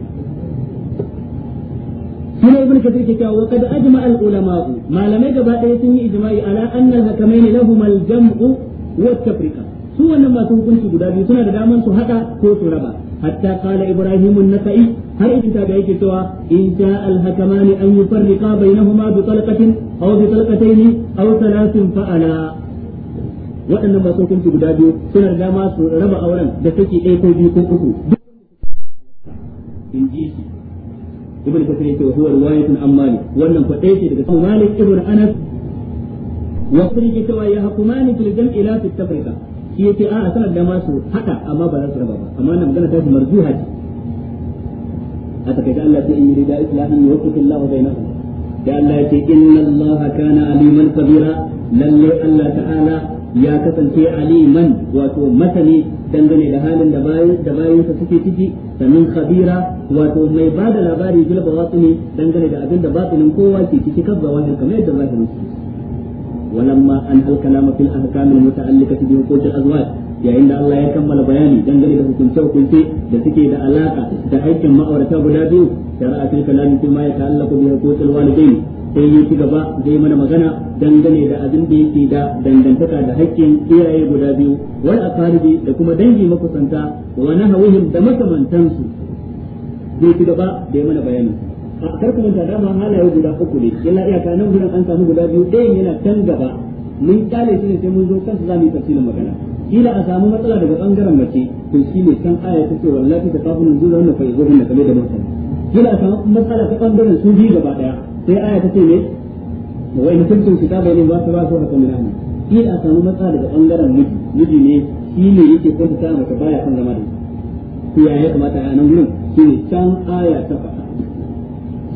shine ibnu kathir ke cewa wa qad ajma al ulama malamai gaba daya sun yi ijma'i ala anna al hakamain lahum al jam'u wa tafrika su wannan masu hukunci guda biyu suna da daman su hada ko su raba hatta qala ibrahim an-nasa'i har ibn tabi yake cewa in ja al hakamani an yufarriqa bainahuma bi talaqatin aw bi talaqatayn aw thalathin fa'ala waɗannan masu hukunci guda biyu suna da dama su raba auren da take ɗaya ko biyu ko uku in ji shi ibn kasir yake huwa riwayatun an malik wannan fa dai ce daga kan malik ibn anas wa kun yake cewa ya hukumani fil jam'i la fi tafrika shi yake a a sanar da masu su hada amma ba za su raba ba amma nan magana ta shi marzuha ce a takaice Allah sai in yi rida islamin yuwaffiqu Allah bainahum da Allah ya ce inna Allah kana aliman kabira lalle Allah ta'ala ya kasance aliman wato masani dangane da halin da bayan da bayansa suke ciki sannan khabira wato mai ba da labari bil ne dangane da abin da batinin kowa ke ciki kabba wani kamar yadda zahirin su ولما أنهى الكلام في الأحكام المتعلقة بحقوق الأزواج yayin da Allah ya kammala bayani dangane da hukunce hukunce da suke da alaka da aikin ma'aurata guda biyu da ta kalamin kuma ya ta'allaqu bi huquqil walidai sai ya ci gaba zai mana magana dangane da abin da yake da dangantaka da hakkin iyaye guda biyu wal aqaribi da kuma dangi makusanta wa nahawihim da makamantansu zai ci gaba da mana bayani a karkamanta dama halaye guda uku ne illa iyaka nan gudan an samu guda biyu ɗayan yana can gaba mun kyale shi ne sai mun zo kansa za mu yi tafsirin magana kila a samu matsala daga bangaren mace to shi ne kan aya ta ce wallahi ta kafin zuwa wannan fa'izo hunna kame da mutum kila a samu matsala ta bangaren su biyu gaba daya sai aya ta ce ne wa in kuntum kitaba ne ba ta ba su hakan min ahli kila a samu matsala daga bangaren miji miji ne shi ne yake kwanta mata baya kan zama da shi ya ya kamata a nan gurin shi ne can aya ta fa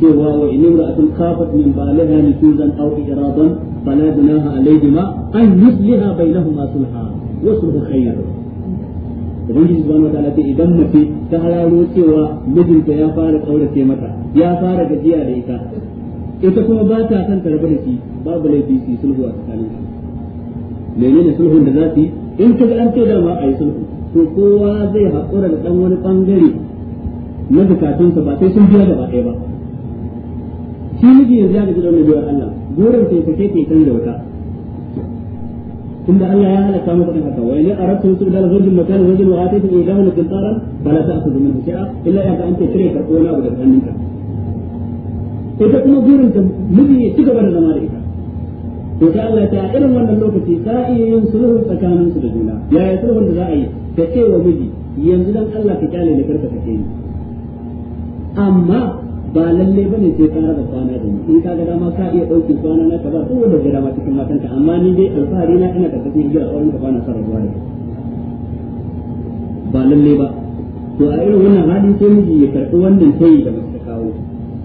cewa wa in imra'atun khafat min balaha nusuzan aw iradan فلا جناح عليهما أن يصلح بينهما صلحا وصلح خير ubangiji subhanahu wataala ce idan mace ta hararo cewa mijinta ya fara kaurace mata ya fara gajiya da ita ita kuma ba ta kan karba da shi babu laifi su sulhu a tsakanin su menene sulhun da za su yi in ka ga an ce dama a yi sulhu to kowa zai haƙura da ɗan wani ɓangare na bukatunsa ba sai sun biya gaba ɗaya ba shi miji yanzu ya gaji da wani biyar Allah burin sai sake ta kai da wuta tunda Allah ya halaka masa din haka wa a aratu su da rajul makan rajul wa da ilahu qintaran bala ta'khudhu minhu shay'a illa ya ka anta kire ka ko na da ita kuma burin ta miji ya ci gaba da zama da ita to sai Allah ta irin wannan lokaci ta iya yin sulhu tsakanin su da juna yaya sulhun da za a yi ta ce wa miji yanzu dan Allah ka kyale da karka ka ni amma ba lalle bane sai ka raba kwana da ni in ka ga dama ka iya ɗauki kwana na ka ba ko da jira ma cikin matanka amma ni dai alfahari na ina karkashin hijira a wurin ka bana sa rabuwa ne ba lalle ba to a irin wannan hali sai miji ya karɓi wannan tayi da mace kawo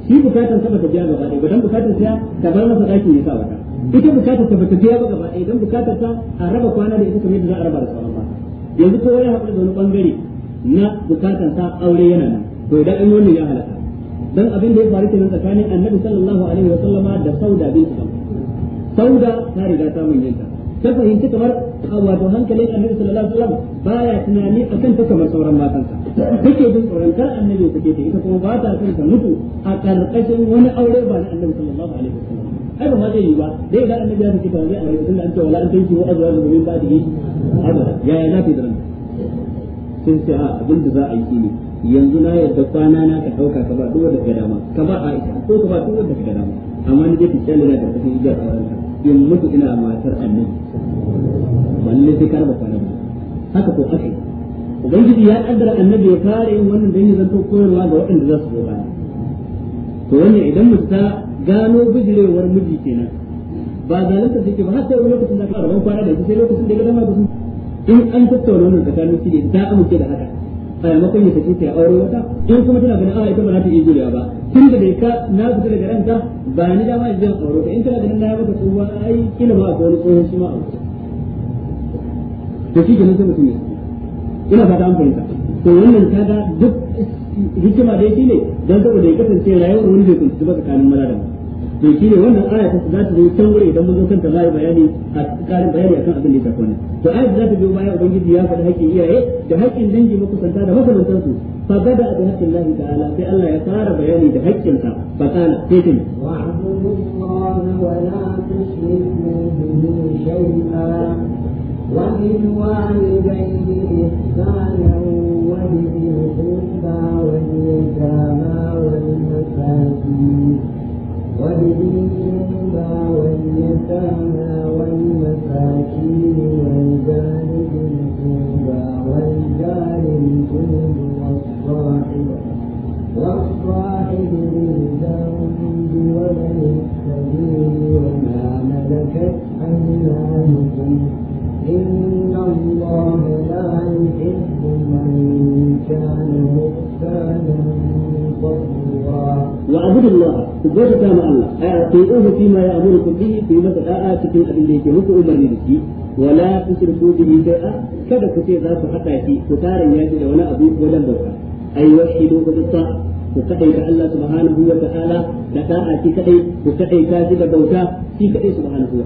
shi bukatar sa bata biya gaba ɗaya ba dan bukatar sa ta bar masa ɗakin ya sa wata ita bukatar ta bata biya ba gaba ɗaya dan bukatar ta a raba kwana da ita kamar yadda za a raba da sauran ba yanzu kowa ya haƙura da wani bangare na bukatar sa aure yana nan to idan an yi wannan ya halaka dan abin da ya faru kenan tsakanin annabi sallallahu alaihi wa sallama da sauda bin sa sauda ta riga ta mun yanta ta fahimci kamar wato hankalin annabi sallallahu alaihi wa sallam baya tunani akan ta kamar sauran matan sa take jin tsoron kar annabi take ta ita kuma ba ta son ta mutu a karkashin wani aure ba na annabi sallallahu alaihi wa sallam ai ba ma zai yi ba dai idan annabi ya sake ta zai aure tunda an ce wala an tanki wa azwa min ba'dihi azwa ya ya nafi da ran sai sai a abin da za a yi ne yanzu na yadda kwana na ka dauka ka ba duwar da ka dama ka ba Aisha ko ka ba duwar da ka dama amma ni dai kiyaye na da cikin tsawon ka in mutu ina matar annabi wallahi sai karba kwana haka ko akai ubangiji ya kaddara annabi ya fara yin wannan dan ya zanto koyarwa ga waɗanda za su zo baya to wannan idan mutu ta gano bijirewar miji kenan ba zalunta take ba har sai lokacin da ka rabon kwana da sai lokacin da ya dama da su in an tattauna wannan tsakanin shi ne ta amince da haka a maimakon ya tafi ta aure wata in kuma tana ganin ana ita ba za ta iya jurewa ba tun da dai ka na fita daga ranta ba ni dama in zan aure ka in tana ganin na maka tsohuwa ai kila ba a tsohon tsohon shi ma aure to shi kenan sai mutum ya ina ta amfani ta to wannan ta ga duk hikima da dai ne don saboda ya kasance rayuwar wani bai kuntu ba tsakanin maza da mata to shi ne wannan aya ta za ta zo can wuri idan mun zo kanta za a yi bayani a karin bayani akan abin da ya shafi wannan to aya za ta biyo baya ubangiji ya faɗi haƙƙin iyaye da haƙƙin dangi makusanta da makamantan su fa bada bi haƙƙin Allah ta'ala sai Allah ya fara bayani da haƙƙin sa fa kana sai ta وبالوالدين إحسانا وبذي القربى واليتامى والمساكين واليتيما واليتامى والمساكين والجار ذي القربى والجار الجنب والصاحب والصاحب السبيل وما ملكت أيمانكم إن الله لا يحب من كان مختالا فخورا na اعبدوا الله تبوت كما الله اطيعوه فيما يامركم به في مسألة cikin abin da yake muku umarni da shi wala tusrifu bihi shay'a kada ku ce za ku hada shi ku tarin yaji da wani abu wajen bauta ai wahidu bi ta'a ku kadai da Allah subhanahu wa ta'ala da ta'a shi kadai ku kadai ka da bauta shi kadai subhanahu wa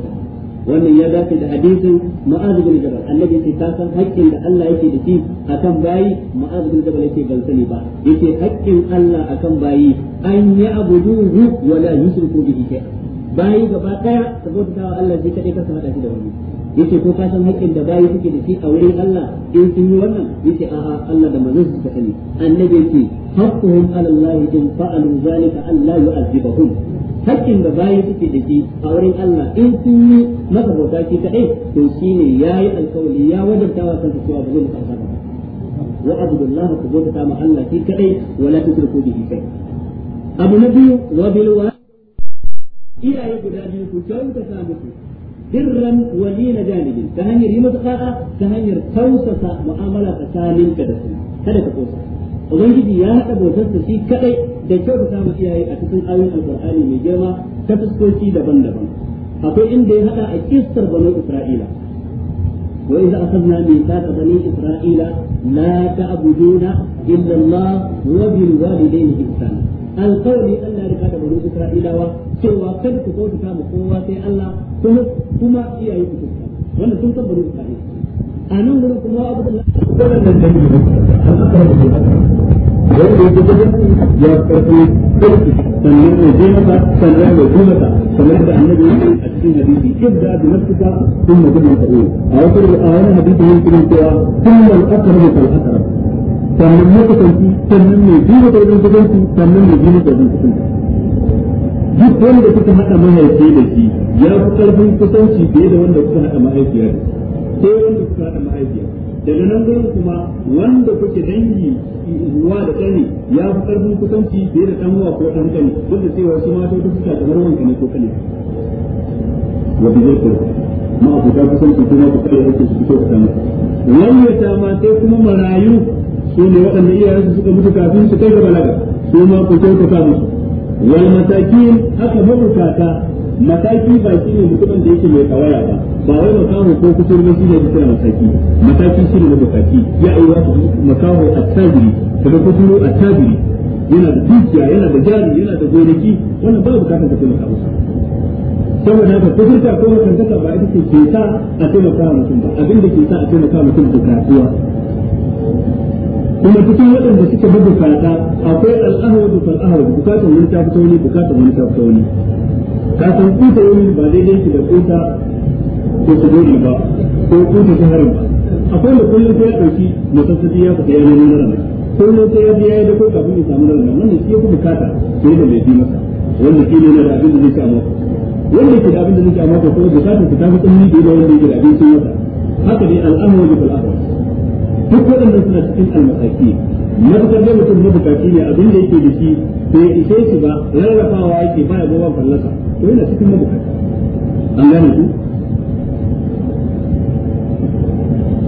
wannan ya dace da hadisin ma'az bin jabal annabi ta san haƙƙin da Allah yake da shi akan bayi ma'az bin jabal yake ban sani ba yake haƙƙin Allah akan bayi an yi abuduhu wala la yushriku bihi shay'a bayi gaba daya saboda Allah shi kadai ka hada shi da wani yace ko ka san haƙƙin da bayi suke da shi a wurin Allah in sun yi wannan yace a'a Allah da manzon su sani annabi yace haqquhum ala Allah in fa'alu zalika Allah yu'adhibahum haƙƙin da bayi suke da shi a wurin Allah in sun yi masa bauta shi kadai to shine yayi alƙawari ya wadanta wa kansa cewa ba zai mutunta ba wa abdullahi ku bauta ma Allah shi kadai wala tusriku bihi kai abu na biyu wa bil iyaye guda biyu ku ta musu birran na janibin ta hanyar yi masa da'a ta hanyar tausasa mu'amala tsakanin ka da su kada ka kosa ubangiji ya haɗa bautarsa shi kadai da kyautata mu iyaye a cikin ayoyin alqur'ani mai girma ta fuskoki daban-daban akwai inda ya haɗa a kistar banu isra'ila وإذا أخذنا ميثاق بني إسرائيل لا تعبدون إلا الله وبالوالدين إحسانا alkawari Allah ya da da bani Isra'ilawa cewa kada ku ta mu kowa sai Allah kuma kuma iyaye ku wannan sun san bani Isra'ila a nan gurin kuma abu da Allah ya da ya karfi kirki sannan mai je masa sannan mai je masa kamar da annabi ya a cikin hadisi ibda bi nafsika thumma bi nafsika a wasu a wani hadisi yake cewa thumma al-aqrabu fal-aqrab sannan makusanci sannan mai bi maka wajen kusanci sannan mai bi maka wajen kusanci duk wanda kuka haɗa mahaifi da shi ya fi ƙarfin kusanci fiye da wanda kuka haɗa mahaifiya da shi sai wanda kuka haɗa mahaifiya daga nan gurin kuma wanda kuke dangi uwa da ƙani ya fi ƙarfin kusanci fiye da ɗan uwa ko ɗan ƙani duk da cewa su mata ta suka kamar wanka ne ko ƙani wa bi zai ko ma abuta kusanci kuma ku kare ake su fito su samu wani ya ma sai kuma marayu su ne waɗanda iyayensu suka mutu kafin su kai ga balaga su ma ku kyautata musu wal matakin haka mabukata mataki ba shi ne mutumin da yake mai kawaya ba ba wai makaho ko kusur ba shi ne kira mataki mataki shi ne mabukaki ya aura makaho attajiri daga kusuru attajiri yana da dukiya yana da jari yana da gonaki wannan ba bukatan ka kuma musu saboda haka kudurta ko makantaka ba ita ce ke sa a taimaka mutum ba abin da ke sa a taimaka mutum da kasuwa kuma cikin waɗanda suka bi bukata akwai al'ahawar da fal'ahawar bukatar wani ta fito wani bukatar wani ta fito wani ka san kuta wani ba daidai ki da kuta ko su dole ba ko kuta ta harin ba akwai da kullum sai ya ɗauki masassaji ya fita yanar na rana kullum sai ya biya ya kuka kafin ya samu rana wannan shi ya fi bukata sai da mai bi masa wanda shi ne na da abin da zai samu wanda ke da abin da zai samu ko bukatar ta fi tsanni da wanda yi da abin sun masa haka dai al'ahawar da fal'ahawar duk waɗanda suna cikin almataki na duka zai mutum na bukaci ne abin da yake da shi da ya ishe shi ba rarrafawa yake ba ya gaba fallasa to yana cikin na bukaci an gane su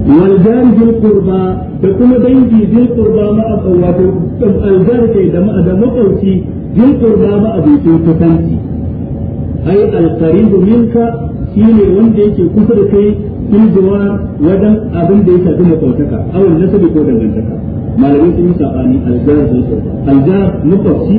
waljarin kurba da kuma dangi jin kurba ma a kawato aljarke da ma'a da makwauci jin kurba ma a bincin kusanci ai alkarin dominka shi ne wanda yake kusa da kai sun jiwa wajen abin da ya shafi makwataka awon nasabi ko dangantaka malamai sun yi sabani aljihar sun so aljihar makwabci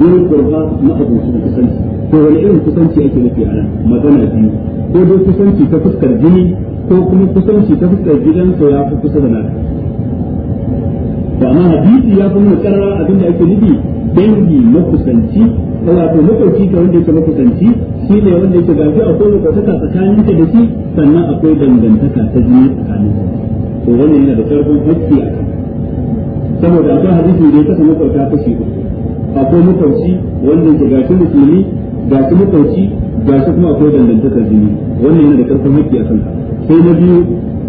yin kurba na da kusanci ko wani irin kusanci ake nufi a nan magana biyu ko dai kusanci ta fuskar jini ko kuma kusanci ta fuskar gidansa ya fi kusa da na to amma hadisi ya fi nuna karara abin da ake nufi dangi kusanci da wato makwabci ka wanda yake makusanci shi ne wanda yake gaji akwai makwabtaka tsakanin da shi sannan akwai dangantaka ta jini tsakanin to wani yana da karfin hakki a saboda akwai hadisi da ya kasa makwabta kashi akwai makwabci wanda yake gaji musulmi gaji makwabci gaji kuma akwai dangantaka jini wannan yana da karfin hakki a kanka sai na biyu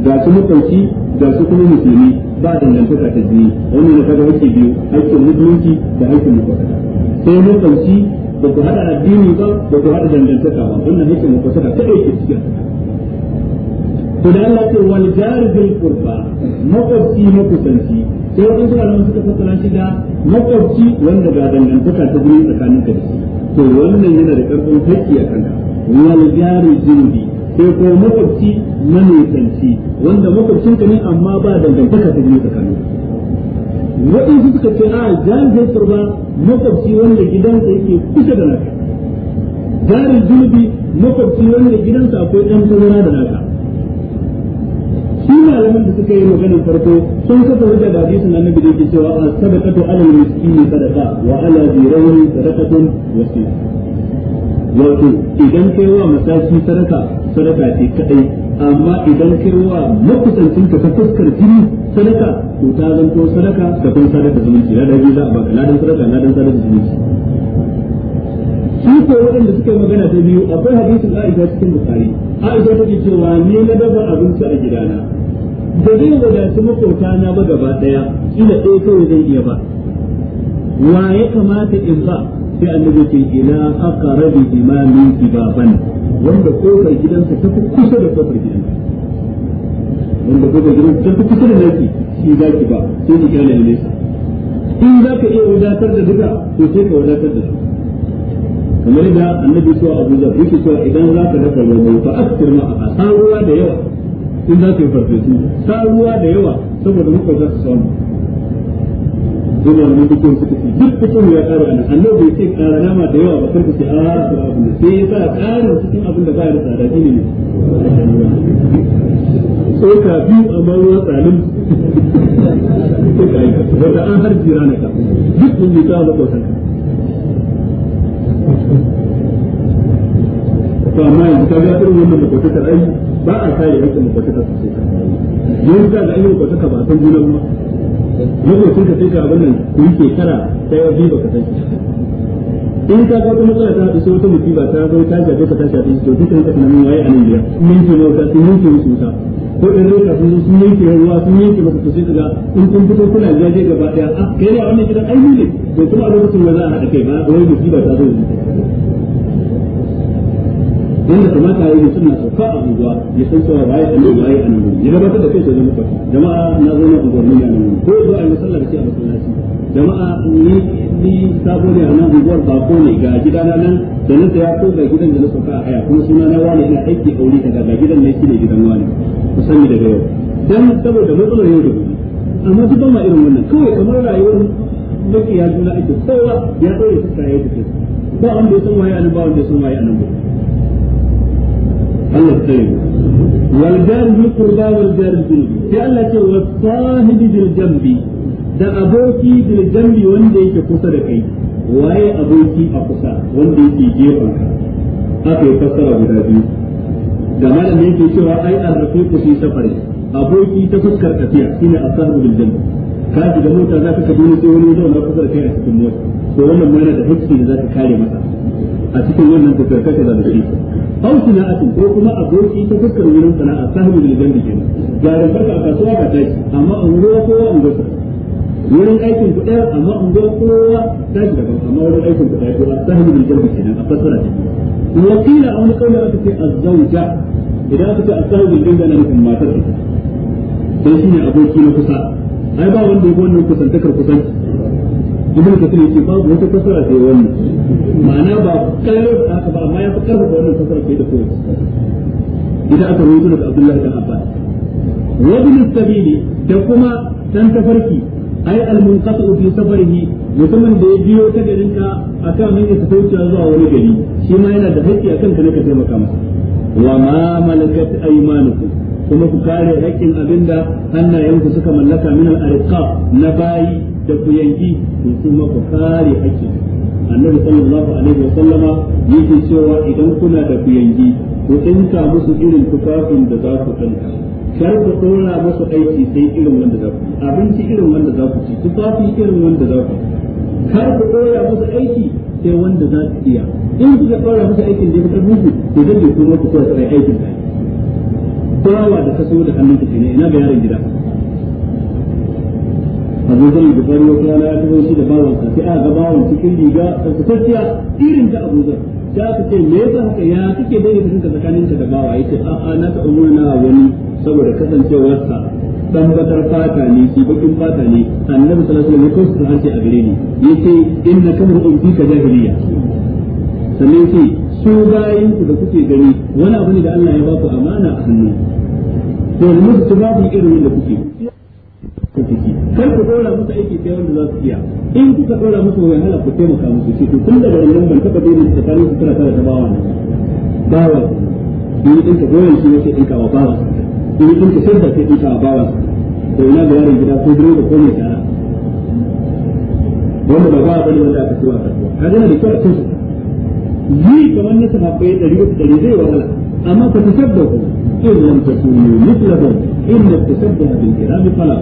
gaji makwabci gaji kuma musulmi ba dangantaka ta jini wannan na kaga hakki biyu hakkin musulunci da hakkin makwabtaka sai mun kauci ba ku haɗa addini ba ba ku haɗa dangantaka ba wannan yake mu kusa da kadai ke cikin to da Allah ce wal jar bil qurba makwabci makusanci sai wajen zuwa nan suka fassara shi da makwabci wanda ga dangantaka ta guri tsakanin ka to wannan yana da karfin hakki a kanka wal jar jindi sai ko makwabci manusanci wanda makwabcinka ne amma ba dangantaka ta guri tsakanin ka waɗansu suka ce a jami'ar turba makwabci wanda gidansa yake kusa da naka jarin zunubi makwabci wanda gidansa akwai ɗan tsorona da naka shi malaman da suka yi maganin farko sun kafa wajen da na annabi da yake cewa a sadaqatu ala miskini sadaqa wa ala zirawi sadaqatun wasi wato idan kai wa masashi sadaka sadaka ce kadai amma idan kai wa makusancinka ka ta fuskar jini sadaka to ta zanto sadaka da kuma sadaka zumunci na da za a baka ladan sadaka dan sadaka zumunci shi ko waɗanda suke magana ta biyu akwai hadisin Aisha cikin Bukhari Aisha take cewa ni na dafa abinci a gidana da zai wadaci makota na ba gaba daya ila ɗaya kawai zai iya ba wa ya kamata in ba sai annabi ce ila aqrabi imamin kibaban wanda kofar gidansa ta kusa da kofar gidansa wanda ko da gidan da kuka da nake shi ki ba sai ne in za ka iya wadatar da duka to sai ka wadatar da su kamar da annabi cewa abu da yake cewa idan za ka dafa ma a da yawa in za ka da yawa saboda muka za dole ne duk wani suka ce duk ya bai da yawa ba ah, a cikin abin ba ya da ka biyu a man watsanin wata an har na ka duk sun yi kawo makotan to amma yanzu ka ga irin wannan makotakar ai ba a sa ya rike su sai yanzu ka ga ayyukan ba san juna ba yanzu sun ka sai ka abin nan ku yi shekara ta yau biyu baka san in ka ga kuma tsara ta haɗu sai wata musiba ta zo ta jabe ka ta shafi to duk kan ka waye a nan biyar minti ne ka ko ɗan lokaci sun sun yanke ruwa sun yanke maka to sai kaga in kun fito kuna jaje gaba daya a ah, kai ne a wannan gidan aiki ne to kuma a lokacin ba za a haɗa kai ba wai musiba ta zo wanda kamata ya yi suna sauka a unguwa ya san cewa waye a nan waye a nan ya gabatar da kai sai zama jama'a na zo na unguwanni a nan ko zo a yi masallaci a masallaci jama'a ni ni sabo ne a nan guguwar bako ne ga gidana nan da nan ya ko ga gidan da na sauka a haya kuma suna na wani ina aiki aure kaza ga gidan ne shi ne gidan wani ku sani daga yau dan saboda matsalar yau da gobe amma duk ba ma irin wannan kawai kamar rayuwar maki ya juna ake kowa ya ɗaure fuska da tafi ba an bai san waye annabawa ba san waye annabawa Allah ya tsare wal jar bil qurba wal jar bil junubi Allah ce wa sahibi bil jambi da aboki da jambi wanda yake kusa da kai waye aboki a kusa wanda yake gefen ka haka yi fassara guda biyu da malamin yake cewa ai ku fi safari aboki ta fuskar tafiya shine asabu bil jambi ka da mota za ka kabi sai wani na kusa da kai a cikin mota ko wannan yana da hakki da za ka kare masa a cikin wannan tafiyar kake da shi na sana'atin ko kuma aboki ta fuskar wurin sana'a sahibi bil jambi kenan ga da a kasuwa ka tashi amma an ruwa kowa an gasa wurin aikin ku a amma in zo kowa tashi daban amma wurin aikin ku ko a ta hanyar jirgi kenan a fassara ta wakila a wani kauli aka ce azzauja idan aka ce azzauja jirgi na nufin matar ta. sai ne aboki na kusa ai ba wanda ya wannan kusantakar kusanci ibn kasir yace babu wata fassara sai wannan ma'ana ba kallon da aka ba amma ya fi karfafa wannan fassara sai da kowa idan aka rubuta daga Abdullahi dan Abbas wa bil sabili da kuma dan tafarki ai al-munqati fi safarihi mutumin da ya biyo ta garinka akan hanyar ta sauki zuwa wani gari shi ma yana da haƙƙi akan ka ne ka taimaka masa wa ma malakat aymanukum kuma ku kare haƙƙin abinda hannayenku suka mallaka min al-arqa na bayi da ku yanki ku kuma ku kare haƙƙin annabi sallallahu alaihi wa sallama yake cewa idan kuna da ku yanki ku tsinka musu irin tufafin da za ku tsinka kar ku tsora musu aiki sai irin wanda za ku yi abinci irin wanda za ku ci tufafi irin wanda za ku kar ku masu aiki sai wanda za su iya in kuka tsora masu aikin da ya fitar musu to zai ku ku tsora tsara aikin da kowa da kaso da hannun ka ne ina ga yaron gida abu zai da bari wata rana ya taho shi da bawan ka sai a ga bawon cikin riga tsarkakakkiya irin ta abu zai ta aka ce me yasa haka ya kake daidaita kanka tsakaninka da bawa yace a'a na ta umurna wani saboda kasancewarsa dan batar fata ne shi bakin fata ne annabi sallallahu alaihi wasallam ya kusa a gare ni yace inna kamru fi ka jahiliya sannan yace su bayin ku da kuke gani wani abu ne da Allah ya ba ku amana a hannu to mu su ba ku irin da kuke kar ku dora musu aiki sai wanda za su iya in kuka dora musu wahala ku taimaka musu shi to tun daga nan ban taba dole su tsakanin su tana tana ta bawa bawa ni din ka goyen shi ne in ka bawa cinikin ta sai da ke a bawa da ina ga yaron gida ko direba ko mai da wanda ba ba bane wanda aka ciwa kasuwa kaga da kyau a yi kamar na sahabbai ɗari uku ɗari zai wahala amma ka tasabbaku in lam tasunu mislahu in lam tasabbaha bil kiram fala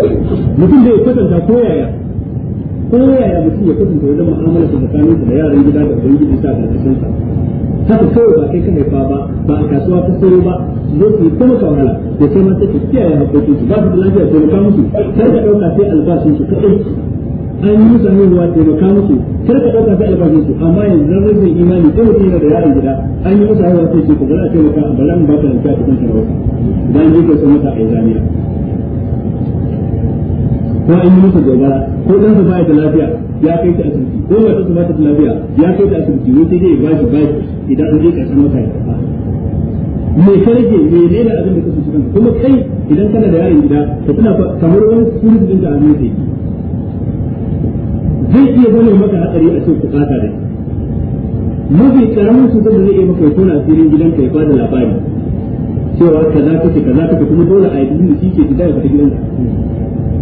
mutum zai kwatanta ko yaya ko yaya mutum ya kwatanta wajen mu'amala ta tsakanin da yaran gida da ubangiji ta karkashin haka kawai ba kai ka haifa ba ba a kasuwa ta sayo ba zo su yi kuma kawala da sai ma take kiyaye haƙoƙin su ba su lafiya lafiya taimaka musu kar ka ɗauka sai albashin su kaɗai an yi musu ta taimaka musu kar ka ɗauka sai albashin su amma yanzu zan rage imani ko mutum yana da yaron gida an yi musu hawa sai ce ku zara taimaka a balan ba ka lafiya kuɗin sarauta bayan yake sun mata a yi zaniya ko an yi musu gobara ko dan su baya da lafiya ya kai ta asibiti ko wata su bata da lafiya ya kai ta asibiti ne ba shi bashi bashi idan an je karshen wata me ka rage me ne da abin da kake cikin kuma kai idan kana da yaron gida ka tana kamar wani sunan din da abin zai iya zama maka hatsari a cikin bukata da mafi karamin su da zai iya maka tona gidan gidanka ya bada labari cewa kaza kace kaza kace kuma dole a yi da shi ke gida ya fita ka.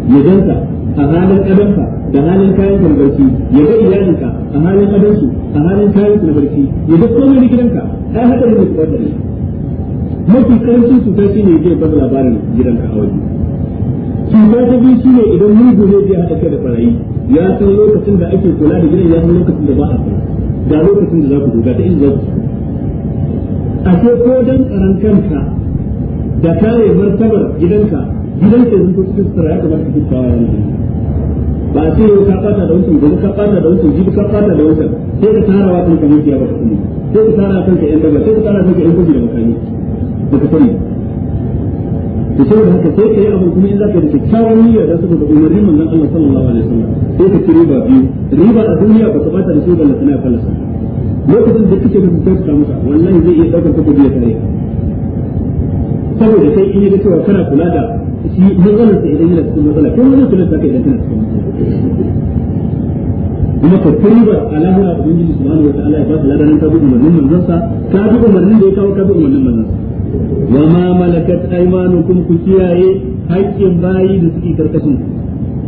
ya danta a halin adanka da halin kayan ka ya ga iyalinka a halin adansu a halin kayan ka ya ga komai na gidanka ai haka ne ku bada ne mafi karancin cuta shi ne zai bada labarin gidanka a waje cuta ta biyu shi ne idan mugu ne zai haɗa kai da farayi ya san lokacin da ake kula da gidan ya san lokacin da ba a kula lokacin da za ku doga da inda za ku a ko ko dan tsaron kanka da kare martabar gidanka gidan ke zanto cikin sutura ya kamata ka kawo yana ba a ce yau ka fata da wancan gobe ka fata da wancan jibi ka fata da wancan sai ka tara wa kanka mafiya ba kuma sai ka tara kanka yan daba sai ka tara kanka yan kuji da makami da ka sani to sai da haka sai ka yi abin kuma in za ka da kyakkyawan niyya da saboda umarnin manzon Allah sallallahu alaihi wasallam sai ka ci riba biyu riba a duniya ba ka bata da shi da Allah tana fallasa lokacin da kike da tsaka maka wallahi zai iya daukar kuɗi ya tare saboda sai in yi da cewa kana kula da shi matsalar sa idan yana cikin matsala idan cikin kuma ka turba ubangiji ya bi umarnin manzon sa ka bi umarnin da ya kawo ka bi umarnin manzon sa wa ma malakat ku kiyaye haƙƙin bayi da suke karkashin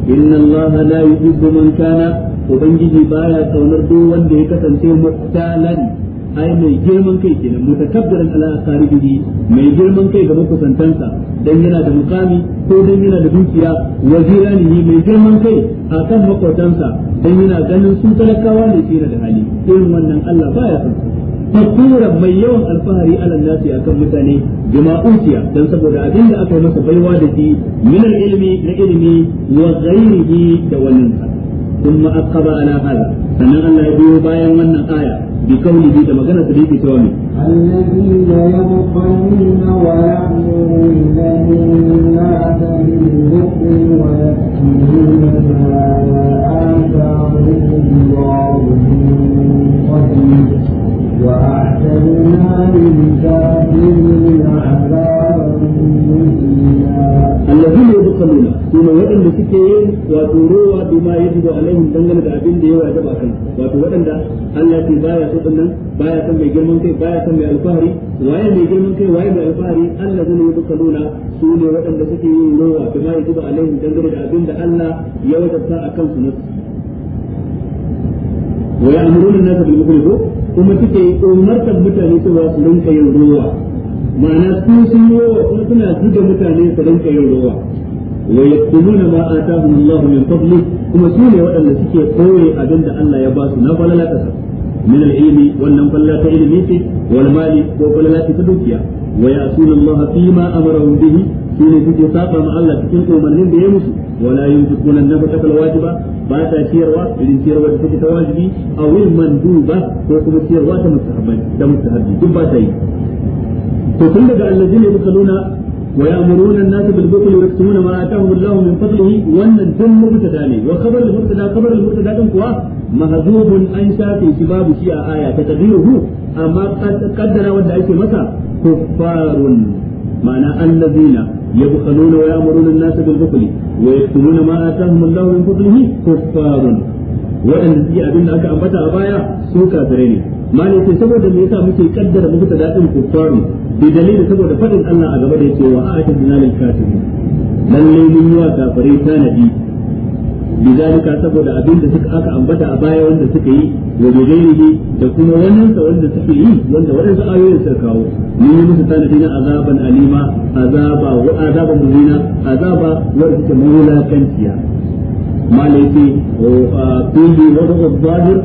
inna la yuhibbu man kana ubangiji baya kaunar duk wanda ya kasance muhtalan ai mai girman kai kenan mutakabbirin ala asarihi mai girman kai ga makusantansa dan yana da mukami ko dan yana da dukiya wazirani mai girman kai akan makotansa dan yana ganin su talakawa ne tsira da hali irin wannan Allah baya san fakuran mai yawan alfahari ala nasi akan mutane jama'utiya dan saboda abin da aka yi masa baiwa da shi minal ilmi na ilimi wa ghairihi da wannan ثم أقب على هذا فنغى الله يبيه بايا من آية بقوله ده مغنى صديقي توامي الذين يبخلون ويأمرون الناس بالبخل ويكتمون ما آتاهم الله من فضله وأعتدنا للكافرين عذابا annabiyyu kullu ko ne wanda suke ya turowa da ma a kan Allah ke baya su dinnan baya san mai alfahari waye mai girman kai waye alfahari Allah zai yi kullu su ne wanda rawa da ma yaji da Allah ya wajaba a kan su ne waye amrun nan kuma suke umartar mutane ka su rinka yin rawa ma'ana su sun yi wa kuma suna zuga mutane su rinka yin rowa wa yaquluna ma atahum Allah min fadli kuma su ne waɗanda suke koyi abin da Allah ya ba su na falala min al-ilmi wannan fallata ilimi ce wal mali ko falala ta dukiya wa ya'suna Allah fi ma amara bihi su ne suke saba ma Allah cikin umarnin da ya musu wala yunfiquna nafaqata al-wajiba ba ta ciyarwa irin ciyarwa da take ta wajibi aw manduba ko kuma ciyarwa ta mustahabbi da mustahabbi duk ba ta yi to tun daga allazina yabtaluna wa ya'muruna an-nasa bil bukhli wa yaktumuna ma atahum Allah min fadlihi wannan dan mubtada ne wa khabar al-mubtada khabar al-mubtada din kuwa mahzubun an shafi shi babu shi a aya ta tadiruhu amma kaddara wanda ake masa kuffarun ma'ana allazina يبخلون ويأمرون الناس بالبخل ويكتمون ما آتاهم الله من فضله كفار وأن في أبن أكا أنبتا أبايا ne. فريني ما ليس سبب أن يسا مكي قدر مبتدا كفار bi dalili saboda fadin Allah a gaba da yake wa a'ati dinalil kafirin lalle mun yi wa kafirai tanadi bizalika saboda abin da suka aka ambata a baya wanda suka yi wa bidailihi da kuma wannan sa wanda suka yi wanda wadansu ayoyin suka kawo mun yi musu tanadi a azaban alima azaba wa azaba mulina azaba wanda suke mulakanciya malai ce oh, wa kulli wadda zahir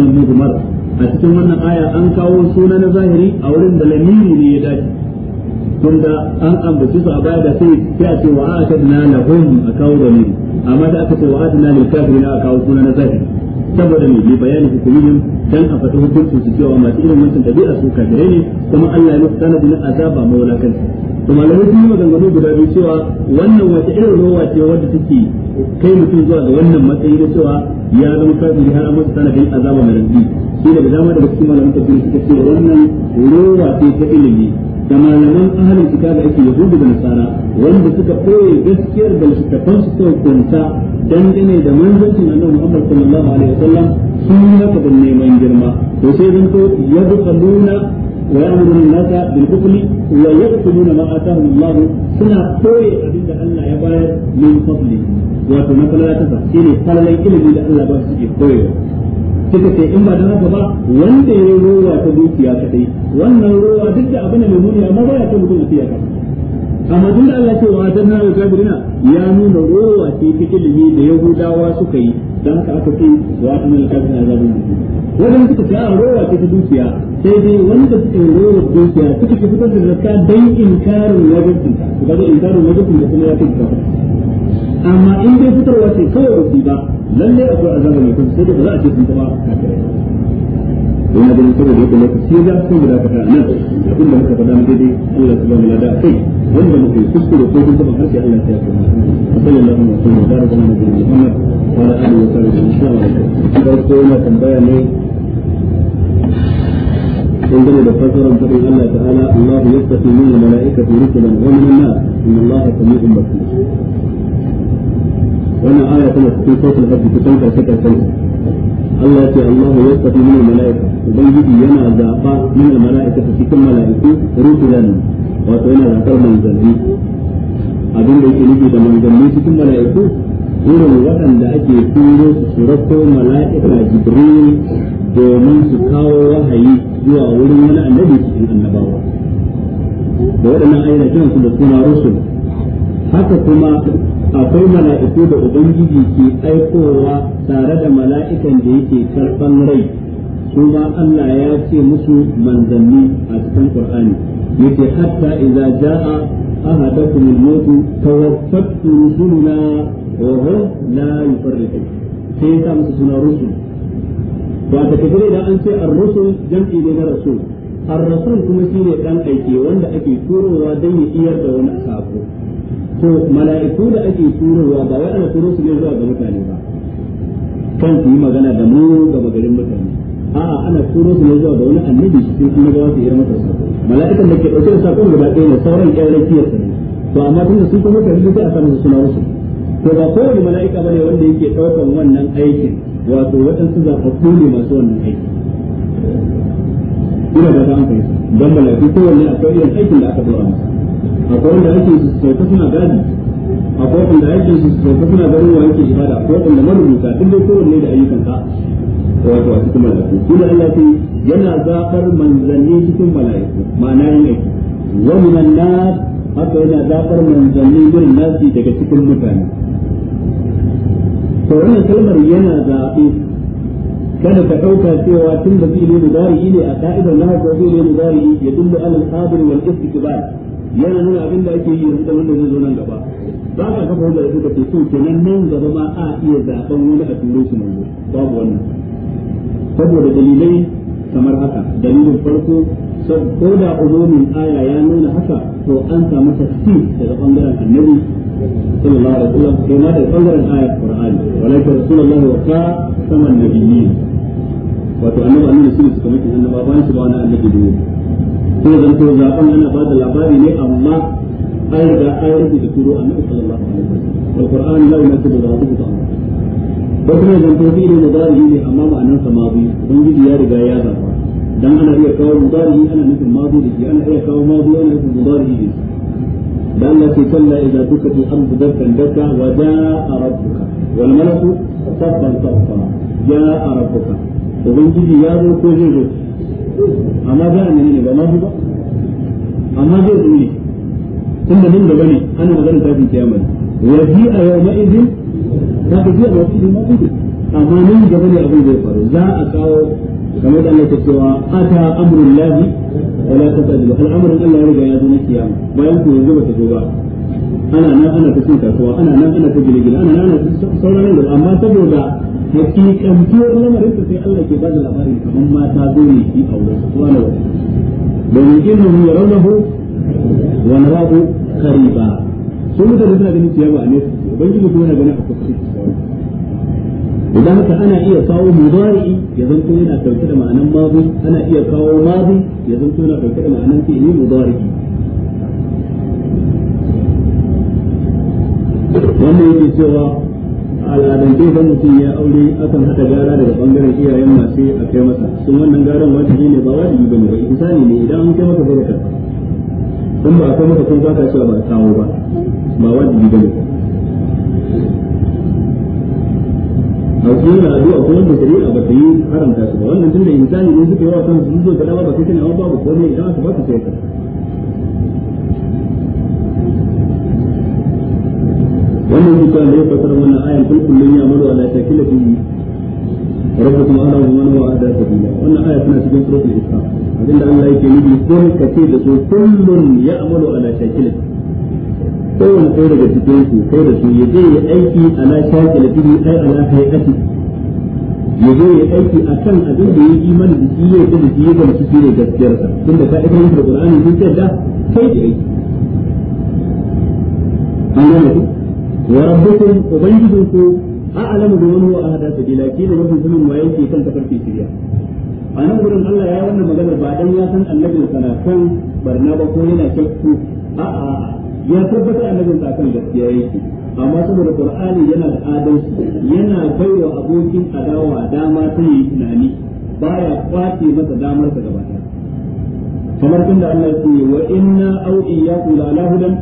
al-mudmar a cikin wannan aya an kawo suna na zahiri a wurin da lamiri ne ya dace tunda an ambaci su a baya da sai sai a ce wa atadna lahum a kawo lamiri amma da aka ce wa atadna lil kafirina a kawo suna na zahiri saboda mai ne bayani hukumihim dan a fata hukuncin su cewa masu irin wancan dabi'a su kafirai ne kuma Allah ya musu tanadi na azaba mawlakan to malamai sun yi maganganu guda biyu cewa wannan wata irin rowa ce wadda take kai mutum zuwa ga wannan matsayi da cewa ya zama kafiri har an masa tanadin azaba mai rabi shi daga dama daga cikin malamai suka ce wannan rowa ce ta ilimi da malaman ahalin da ake yahudu da nasara wanda suka koye gaskiyar da littattafan su suka kunta dangane da manzancin annabi Muhammad sallallahu alaihi wasallam sun yi haka da neman girma to sai dan to yadqaluna wa ya'muru an bil kufri wa yaqtuluna ma atahum Allah suna koye abin da Allah ya bayar min fadli wato na kallon ta shine kallon ilimi da Allah ba su ke koyewa suka ce in ba don haka ba wanda ya rowa ta dukiya dai wannan rowa duk da abin da mai muni amma ba ya ce mutum ya ka amma tun da Allah ce wa dan na kafirina ya nuna rowa ce cikin limi da yahudawa suka yi dan haka aka ce wa dan na kafirina zabun wajen suka ce a ah, rowa ce ta dukiya sai dai wanda yi rowa dukiya suka ce fitar da zakka dan inkarin wajibin ta kaga inkarin wajibin da kuma ya ce ka. amma in dai fitarwa ce kawai rufi ba lalle akwai azaba mai kuma sai da za a ce sun kuma kafirai yana ganin saboda yadda lokaci ya sun guda kata nan abin da muka faɗa daidai Allah su ba mu lada kai wanda muke kuskure ko kun taba harshe Allah ya kuma sallallahu alaihi wa sallam baraka lana bi Muhammad wa ala alihi wa sahbihi inshallah farko na tambaya ne dangane da fasaran fadin Allah ta'ala Allah yastafi min malaikatu rusulan wa min an-nas inna Allah sami'un basir sama cikin sautul hajji cikin karshe karshen Allah ce Allah ya tafi min mala'ika ubangiji yana zaba min mala'ika cikin mala'iku rusulan wato yana zabar manzanni abin da yake nufi da manzanni cikin mala'iku irin waɗanda ake turo su su rako mala'ika jibril domin su kawo wahayi zuwa wurin wani annabi cikin annabawa da waɗannan ayyana kiransu da suna rusul haka kuma akwai mala'iku da ubangiji ke aikowa tare da mala'ikan da yake karban rai kuma Allah ya ce musu manzanni a cikin Qur'ani yake hatta idza jaa ahadakum al-maut tawaffatu rusuluna wa hum la yufarriqun sai ta musu suna rusul ba ta kaje da an ce ar-rusul jam'i ne na rasul ar-rasul kuma shine dan aike wanda ake turowa dan ya iyar da wani sako to mala'iku da ake turowa ba wai ana turo su ne zuwa ga mutane ba kan su yi magana da mu ga bagarin mutane a'a ana turo su ne zuwa ga wani annabi cikin kuma ga wasu irin masa sako mala'ikan da ke dauke da sakon guda ɗaya ne sauran ƙyauren kiyar sa ne to amma tun da su kuma kan sai a samu su suna musu to ba kowane mala'ika bane wanda yake ɗaukan wannan aikin wato waɗansu zaɓaɓɓu ne masu wannan aikin ina ba ta amfani don mala'iku kowanne akwai irin aikin da aka dora masa akwai wanda aikin su sauka suna gadi akwai wanda aikin su sauka suna garin wa yake ibada akwai wanda marubuta duk dai kowanne da ayyukan ka wato a cikin mala'iku shi da Allah sai yana zabar manzanni cikin mala'iku ma'ana yin aiki wa minan nas haka yana zabar manzanni gurin nasi daga cikin mutane to wannan kalmar yana zaɓe kada ka ɗauka cewa tun da ne mudari ne a ka'idar nahu ko ne mudari ya dullu alal qadir wal istiqbal yana nuna abin da ake yi yanzu da wanda zai zo nan gaba ba ka kafa wanda suka ce so kenan nan gaba ma a iya zaɓen wani a turai su manzo babu wannan saboda dalilai kamar haka dalilin farko ko da umumin aya ya nuna haka to an samu tafsir daga bangaren annabi sallallahu alaihi wasallam sai ma daga bangaren ayat qur'ani walakin rasulullahi wa ka saman nabiyyi wato annabi annabi shi ne suka miki annaba bayan shi ba wani annabi sai zan to zaben ana ba da labari ne amma an riga an rubuta turo annabi sallallahu alaihi wasallam ba kuma zan to ne amma ma'anar sa ya riga ya zaba dan ana iya kawo ana nufin da shi ana iya kawo ana nufin da shi da Allah ke kalla idza tukati al-ardu darkan ubangiji ya zo ko zai zo amma ba ne ne ba ma ba amma zai zo tun da nan gaba ne ana magana kafin kiyama ne wa ji a yau ma izin ka ka ji a wasu izin ma izin amma nan gaba ne abin zai faru za a kawo kamar da Allah ta cewa ata amrul lahi wa la tatajil al'amarin Allah ya riga ya zo na kiyama bayan ku yanzu ba ta zo ba ana nan ana ta cin kasuwa ana nan ana ta gine-gine ana nan ana ta sauraron da amma saboda ya kantuwar lamarin sai Allah ke bada labarin kamar mata zo ne shi a wurin su wani wani domin ilmin ya raunahu wa narahu qariba sun mutane suna ganin ciyawa a nesa ubangiji kuma yana ganin a kusa idan haka ana iya kawo mudari ya zanto yana dauke da ma'anan mazi ana iya kawo mazi ya zanto yana dauke da ma'anan fi'ili mudari wannan yake cewa al'adance idan mutum ya aure akan hada gara daga bangaren iyayen masu a kai masa sun wannan garan wajibi ne ba wajibi bane ba ihsani ne idan an kai masa barka in ba a kai masa kun za ka cewa ba kawo ba ba wajibi bane a cikin da addu'a ko wanda shari'a ba ta yi haramta su ba wannan tunda insani ne suke yawa kan su zo ka ba ba sai kana ba ba ko ne idan aka ba su sai ka kun ka ce da su kullun ya'malu ala shakilati kowane ɗaya daga cikin su kai da su ya zai yi aiki ala shakilati ai ala hayati ya zo ya aiki akan abin da ya yi imani da shi ya yi da shi ya gamsu shi ne gaskiyarsa tunda ka idan da Qur'ani sun ce da kai da aiki an gane ku wa rabbukum ubangijinku a'lamu da man huwa ahda sabila kila mafi sanin waye ke kan tafarki shirya a nan gurin Allah ya wannan magana ba dan ya san annabi sana barna ba ko yana shakku a'a ya tabbata annabin ta kan gaskiya yake amma saboda qur'ani yana da adalci yana baiwa abokin adawa dama ta yi tunani baya kwace masa damar sa gaba kamar inda Allah ya ce wa inna aw iyyaku la lahudan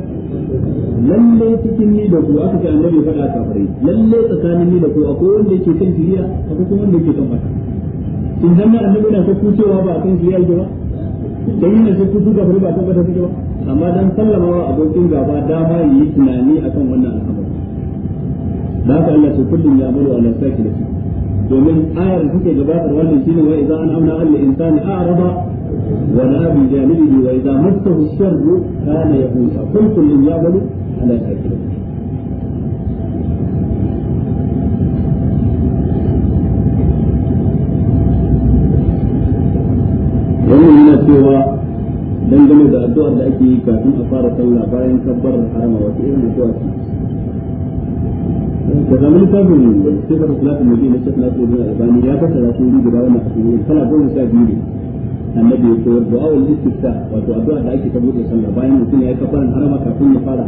lalle cikin ni da ku aka ce annabi faɗa kafirai lalle tsakanin ni da ku akwai wanda yake kan shiriya akwai kuma wanda yake kan fata. in zanna annabi na ta kucewa ba kan su yi ba dan yana ta kutu ga ba kan ta ba amma dan sallamawa abokin gaba dama yi tunani akan wannan al'amari da haka Allah ce kullum ya amuru a saki da su domin ayar da take gabatar wannan shine wa idan an amna al insani a'rada wa la bi janibihi wa idan massahu sharru kana yahusa kullu ya amuru ala saki da su dangane da addu'ar da ake yi kafin a fara sallah bayan tabbar harama wata irin addu'a ce da da ke shekar salatin mutum na shekar salatin da albani ya kasa da sun guda wannan asirin kala goma sha biyu ne annabi ya koyar da awal istifta wato addu'a da ake da sallah bayan mutum ya yi kabbaran harama kafin ya fara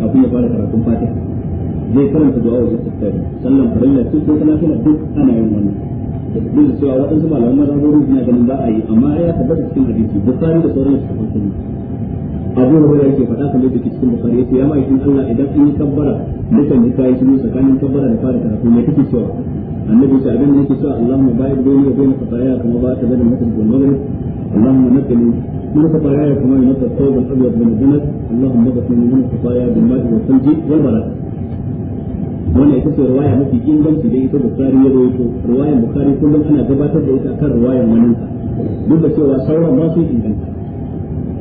kafin ya fara karatun fatiha zai karanta da awal istifta sallan farilla sun ko kana duk ana yin wannan duk da cewa waɗansu malaman mazhabori suna ganin ba a yi amma ya tabbata cikin hadisi bukari da sauran su sun abu hura yake faɗa kan da cikin bukari yace ya ma'aikin Allah idan an yi kabbara mukan yi kayi shiru tsakanin tabbara da fara karatu mai kake cewa annabi ta abin da yake cewa allah mu Allahumma da bayni wa bayna khataya kuma ba ta bada mutum allah mu mun ka bil maghrib Allahumma naqini من خطاياي كما ينقى الثوب الابيض من الجنه اللهم اغسل من خطاياي بالماء والثلج bara wanda ita ce ruwaya mafi inganci da ita bukari ya rawaito Ruwaya bukari kullum ana gabatar da ita kan riwayar wani duk da cewa sauran ba su inganta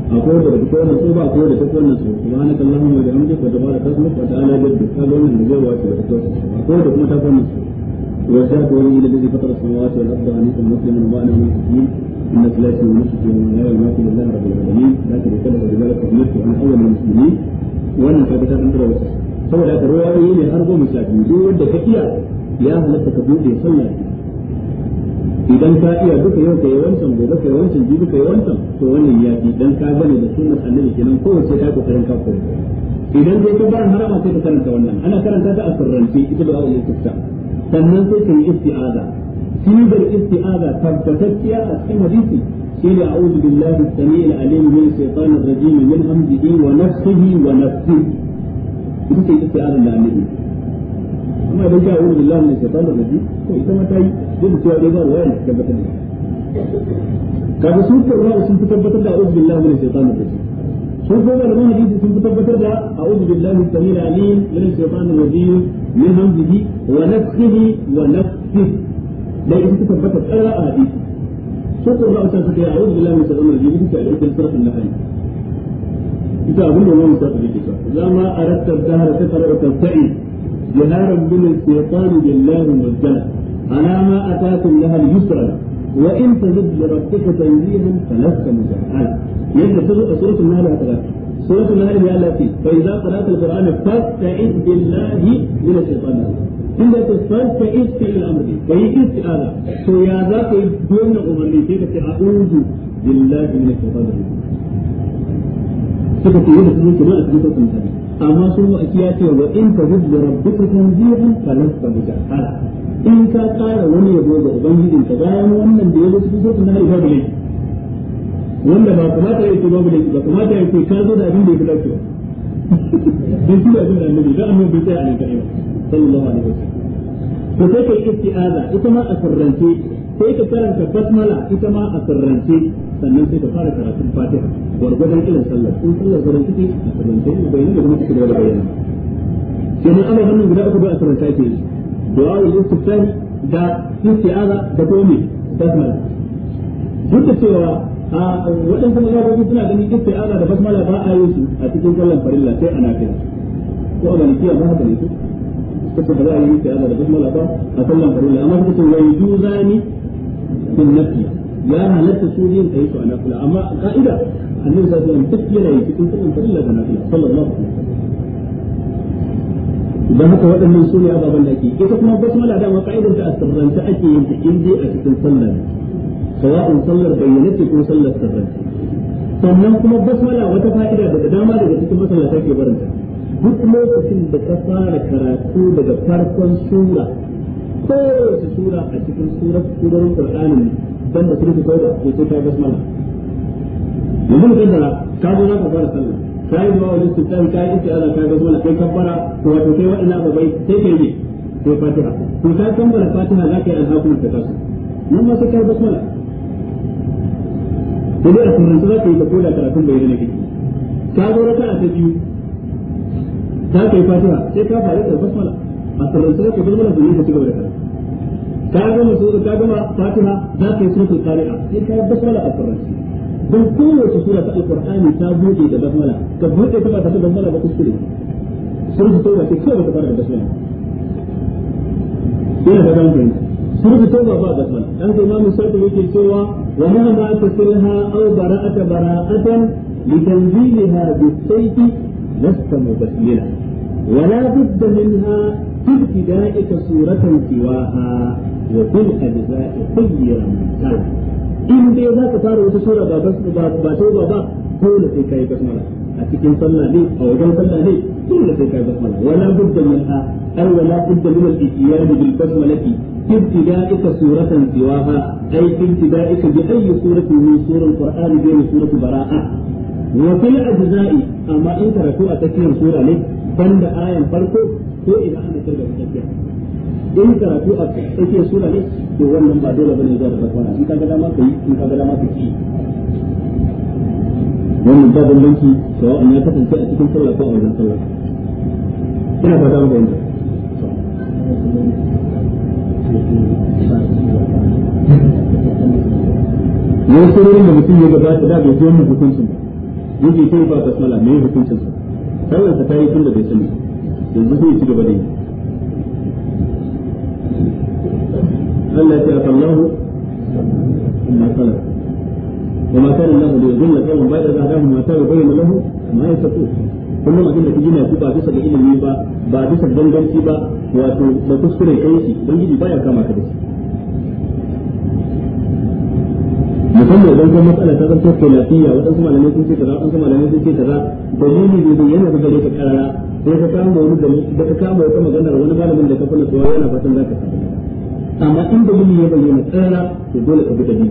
akwai da ta wannan su ba akwai da ta wannan su subhanaka allahumma wa bihamdika wa tabaraka ismuka wa ta'ala jadduk ka wannan da zai wace da ta akwai da kuma ta wannan su wa ja'a wa ila ladhi fatara samawati wal arda anaka muslimun wa ana muslimin إن ونصف يوم لا رب العالمين saboda ka ɗaya ne har goma sha biyu duk wanda ka iya ya halatta ka buɗe sallah idan ka iya duka yau ka yi wancan gobe ka yi wancan jibi ka yi wancan to wannan ya fi dan ka gane da sunan annabi kenan wace ta kokarin ka koyi idan dai ka bar harama sai ka karanta wannan ana karanta ta a sirrance ita da wa'ayi kutta sannan sai ka yi isti'aza sigar isti'aza tabbatacciya a cikin hadisi shine a'udhu billahi as-sami'il alim min shaitanir rajim min hamdihi wa nafsihi wa nafsihi ita ce ita sai da annabi amma idan ka a'udhu billahi minash shaitanir rajim to ita ma ta yi zai da cewa dai ba ruwaya ta tabbatar da kaga su ko ruwaya sun tabbatar da a'udhu billahi minash shaitanir rajim su ko da malaman hadisi sun tabbatar da a'udhu billahi samil alim minash shaitanir rajim min hamzihi wa nafthihi wa nafthihi da ita tabbatar da a hadisi su ko ruwaya sun tabbatar da a'udhu billahi minash shaitanir rajim ita ce a cikin suratul nahl ita abin da wani ta fi kisa zama a rattar dahar ta fara ta sa'i jiharan bin shaytan billahi majjan alama atakum lahal yusra wa in ta tazid li rabbika tanzihan falasta mujahal yadda ta zuwa suratul nahl ta suratul nahl ya lafi ce fa idza qara'ta al-qur'ana fasta'id billahi min shaytan in da ta fasta isti'il amri kai ala to ya za ka yi dole umarni sai ka ce a'udhu billahi min shaytan suka ce yadda sun kuma a cikin sautin sani amma su mu aki ya ce wa in ka zubda rabbika tanzihan falasta bi jahara in ka kara wani yabo ga ubangijin ka bayan wannan da ya zo cikin sautin hadisi babu laifi wanda ba kamata ya ce babu laifi ba kamata ya ce ka zo da abin da ya fi dace ba dan shi da abin da annabi da annabi bai tsaya a nan kai sallallahu alaihi wasallam ko sai ka yi isti'aza ita ma a sirrance sai ka karanta basmala ita ma a sirrance sannan sai ka fara karatun fatiha gwargwadon irin sallar sun sallar gwargwadon take a karanta yi bayanin da kuma cikin da bayanin sai ne ana hannun guda uku ba a karanta ke yi du'a ul istiftahi da istiaza da komi basmala duk da cewa a waɗansu mazhabobi suna ganin istiaza da basmala ba a yi su a cikin sallar farilla sai ana kai ko a malikiya ba haka ne su suka ba za a yi istiaza da basmala ba a sallar farilla amma suka ce wai juzani bin nafiya ya halatta su yin kai su a nafila amma ka'ida annabi sallallahu alaihi wasallam duk yana yi cikin sunan farilla da nafila sallallahu alaihi wasallam dan haka waɗannan su ne ababen da ake ita kuma basmala dama ka'idar da asirranta ake yin ta in dai a cikin sallar sawa'un sallar bayyanace ko sallar sirrance sannan kuma basmala wata fa'ida daga dama daga cikin masallata ke barinta duk lokacin da ka fara karatu daga farkon sura kowace sura a cikin surar surar Qur'anin banda kirki kawai da ko sai ka basmala yanzu mutum da ka zo za ka fara sallah ka yi zuwa wajen sultan ka yi ita ka yi basmala kai kabbara to wato kai yi fatiha ka fatiha za ka yi ka kasu nan ma sai ka yi basmala da dai a sunan za ka yi ka koda karatun ka zo ta yi fatiha sai da basmala a za ka yi basmala ka da karatu كاغما سورة كاغما فاتحة ذات سورة القارعة إيه تلك هي البسملة الفرنسية بل كل سورة القرآن تابوتي إلى البسملة كبوتي كما تابو البسملة إيه بكسري سورة التوبة تكسر بكبار البسملة إلى كلام كريم سورة التوبة بعد البسملة أنت إمام السيد يجي سوى ومهما تسرها أو براءة براءة لتنزيلها بالسيف لست مبسملة ولا بد منها في wa bil ajza'i khayran sala in dai za ka fara wata sura ba ba ba ba ba dole sai kai basmala a cikin sallah ne a wajen sallah ne dole sai kai basmala wala budda min ha ay wala budda min al-iqyam bil basmalati ibtida'ika suratan siwaha ay ibtida'ika bi ayyi suratin min surati al-qur'an bi surati bara'a wa fil ajza'i amma in karatu a cikin sura ne banda ayan farko ko ina ana kirga cikakkiya in karatu a tsakiyar sura ne to wannan ba dole bane zuwa da bakwana in kaga dama kai in kaga dama ka ki wannan ba bambanci sawa'an ya kasance a cikin sallah ko a wajen sallah ina fata mu bayyana yau surorin da mutum ya gabata da bai ji wannan hukuncin yake kai ba basmala mai hukuncin sa sallar ta yi tun da bai sani yanzu zai ci gaba da yi أن ya ce afallahu amma salat وما كان الله ليضل قوما بعد إذا هداهم ما تاب بين له ما يستطيع kullum abin da kaji na ba bisa da ilimi ba ba bisa danganci ba wato da kuskure kai shi gidi baya kama ka da shi musamman idan kuma matsala ta zanto ke lafiya waɗansu malamai sun ce kaza waɗansu malamai sun ce kaza dalili ne bai yana da ka karara sai ka kama wani da ka kama wata maganar wani malamin da ka kuna tsawa yana fatan za ka samu amma in da gini ya bayyana tsara to dole ka bi da gini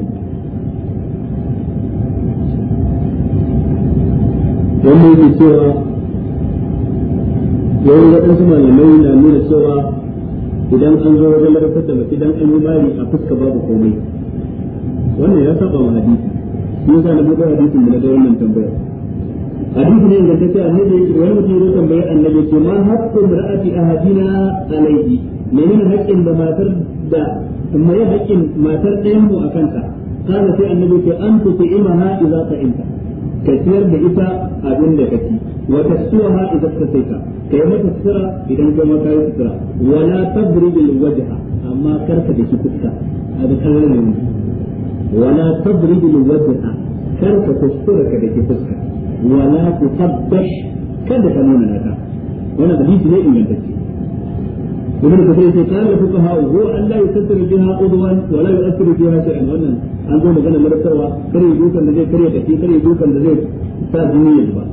wannan yake cewa yawan waɗansu malamai na nuna cewa idan an zo wajen larabtar da mace idan an yi mari a fuska babu komai wannan ya saba wa hadisi shi yasa na buɗe hadisin da na ga wannan tambayar hadisi ne inganta ce annabi yake wani mutum ya tambayi annabi ce ma haqqu a ahadina alayhi menene haƙƙin da matar da mai haƙƙin matar ɗayan mu a kanta kana sai annabi ce an tuti imaha idza ta'inta ka siyar da ita abin da kake wa tasuha idza tasaita kai mata tsira idan kuma ka yi tsira. wala tabrij alwajha amma karka da ki fuska a da kallon wala tabrij alwajha karka kuskura ka da ki fuska wala tuqaddash kada ka nuna naka wannan hadisi ne ingantacce ابن كثير قال الفقهاء ko ان لا يكثر بها عضوا ولا يؤثر فيها شيئا wannan an zo magana marasarwa kare dukan da zai kare kashi kare dukan da zai sa jini ba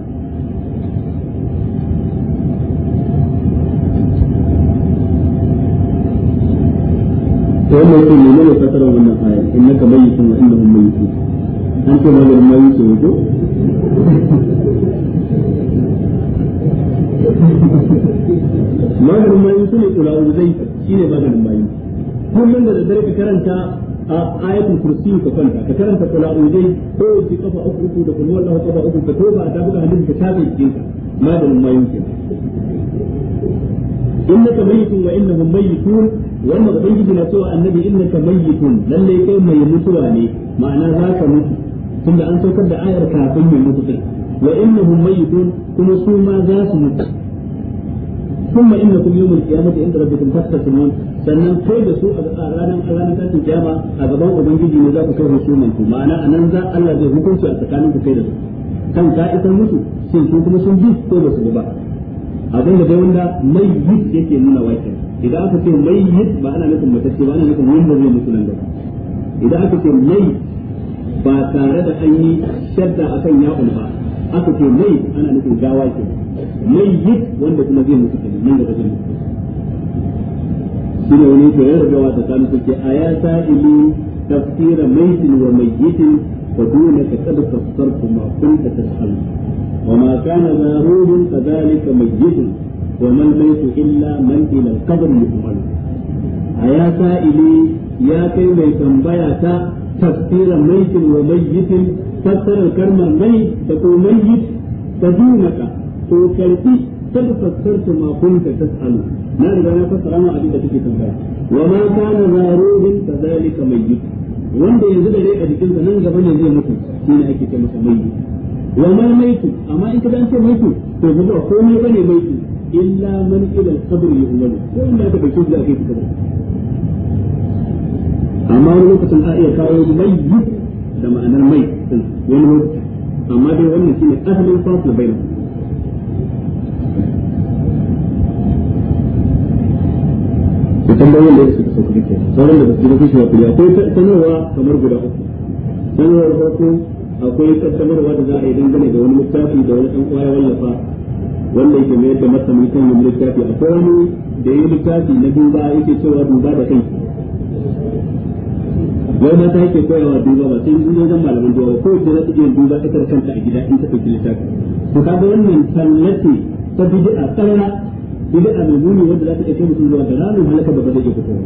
wannan yake ne ne fasarar wannan aya innaka mayyitun wa innahum mayyitun an ce malamin mayyitun maganin mayu su ne ula'u zai shi ne maganin mayu kullum da daddare ka karanta a ayatul kursi ka kwanta ka karanta ula'u zai ko wace kafa uku uku da kullum wallahu kafa uku ka toba a tabuka hadin ka tabe cikin maganin mayu ke innaka mayyitun wa innahum mayyitun wannan ubangiji na cewa annabi innaka mayyitun lalle kai mai mutuwa ne ma'ana za ka mutu tunda an saukar da ayar kafin mai mutu din wa innahum mayyitun kuma su ma za su mutu ثم انكم يوم القيامه عند ربكم تختصمون sannan kai da su a ranar ranar tashin kiyama a gaban ubangiji ne za ku kai hukuman ku ma'ana anan za Allah zai hukunci a tsakanin ku kai da su kan ka musu shin sun kuma sun bi ko ba su ba abin da dai wanda mai yit yake nuna wake idan aka ce mai yit ba ana nufin matacce ba ana musu idan mai ba tare da an yi shadda kan ya'ul ba aka ce mai ana nufin gawa ke mai yi wanda kuma zai mutu kenan nan da mutu. shi ne wani ke rarrabewa tsakanin sami suke a ya sa ilu tafsira maitin wa mayyitin ka dole ka kada tafsar kuma kun ta tasal wa ma kana mai yi mayyitun wa mai su illa man ila kabar qabr yu'mal a ya sa ilu ya kai mai tambaya ta تفسير ميت وميت تفسير كرم ميت تقول ميت تدينك توكلتي قد فسرت ما كنت تسأل ما رجع أنا فسر أنا أبي أتيك وما كان ذا فذلك ميت wanda yanzu da rai a jikinsa nan gaba ne zai mutu shi ne ake ce masa yi wa ma maitu amma in ka dan ce maitu to ba komai bane maitu illa man ila sabr yu'malu ko ka bace da amma wani lokacin ta iya kawo mai yi da ma'anar mai din wani lokaci amma dai wannan shi ne asalin fasil bayan da ya suka sauka kike sauran da basu kusa wa kuriya akwai sanarwa kamar guda uku sanarwar farko akwai kaddamarwa da za a yi dangane da wani littafi da wani ɗan kwaya wallafa wanda yake mayar da masa mulkin wani littafi a wani da ya yi littafi na duba yake cewa duba da kanki wai mata yake koyawa duba ba sai zuwa wajen malaman duba ba kowace za ta iya duba ita kanta a gida in ta ɗauki littafi to kaga wannan tallace ta bid'a tsara bid'a mai muni wanda za ta ɗauke mutum zuwa da ramin halaka da ba zai iya fitowa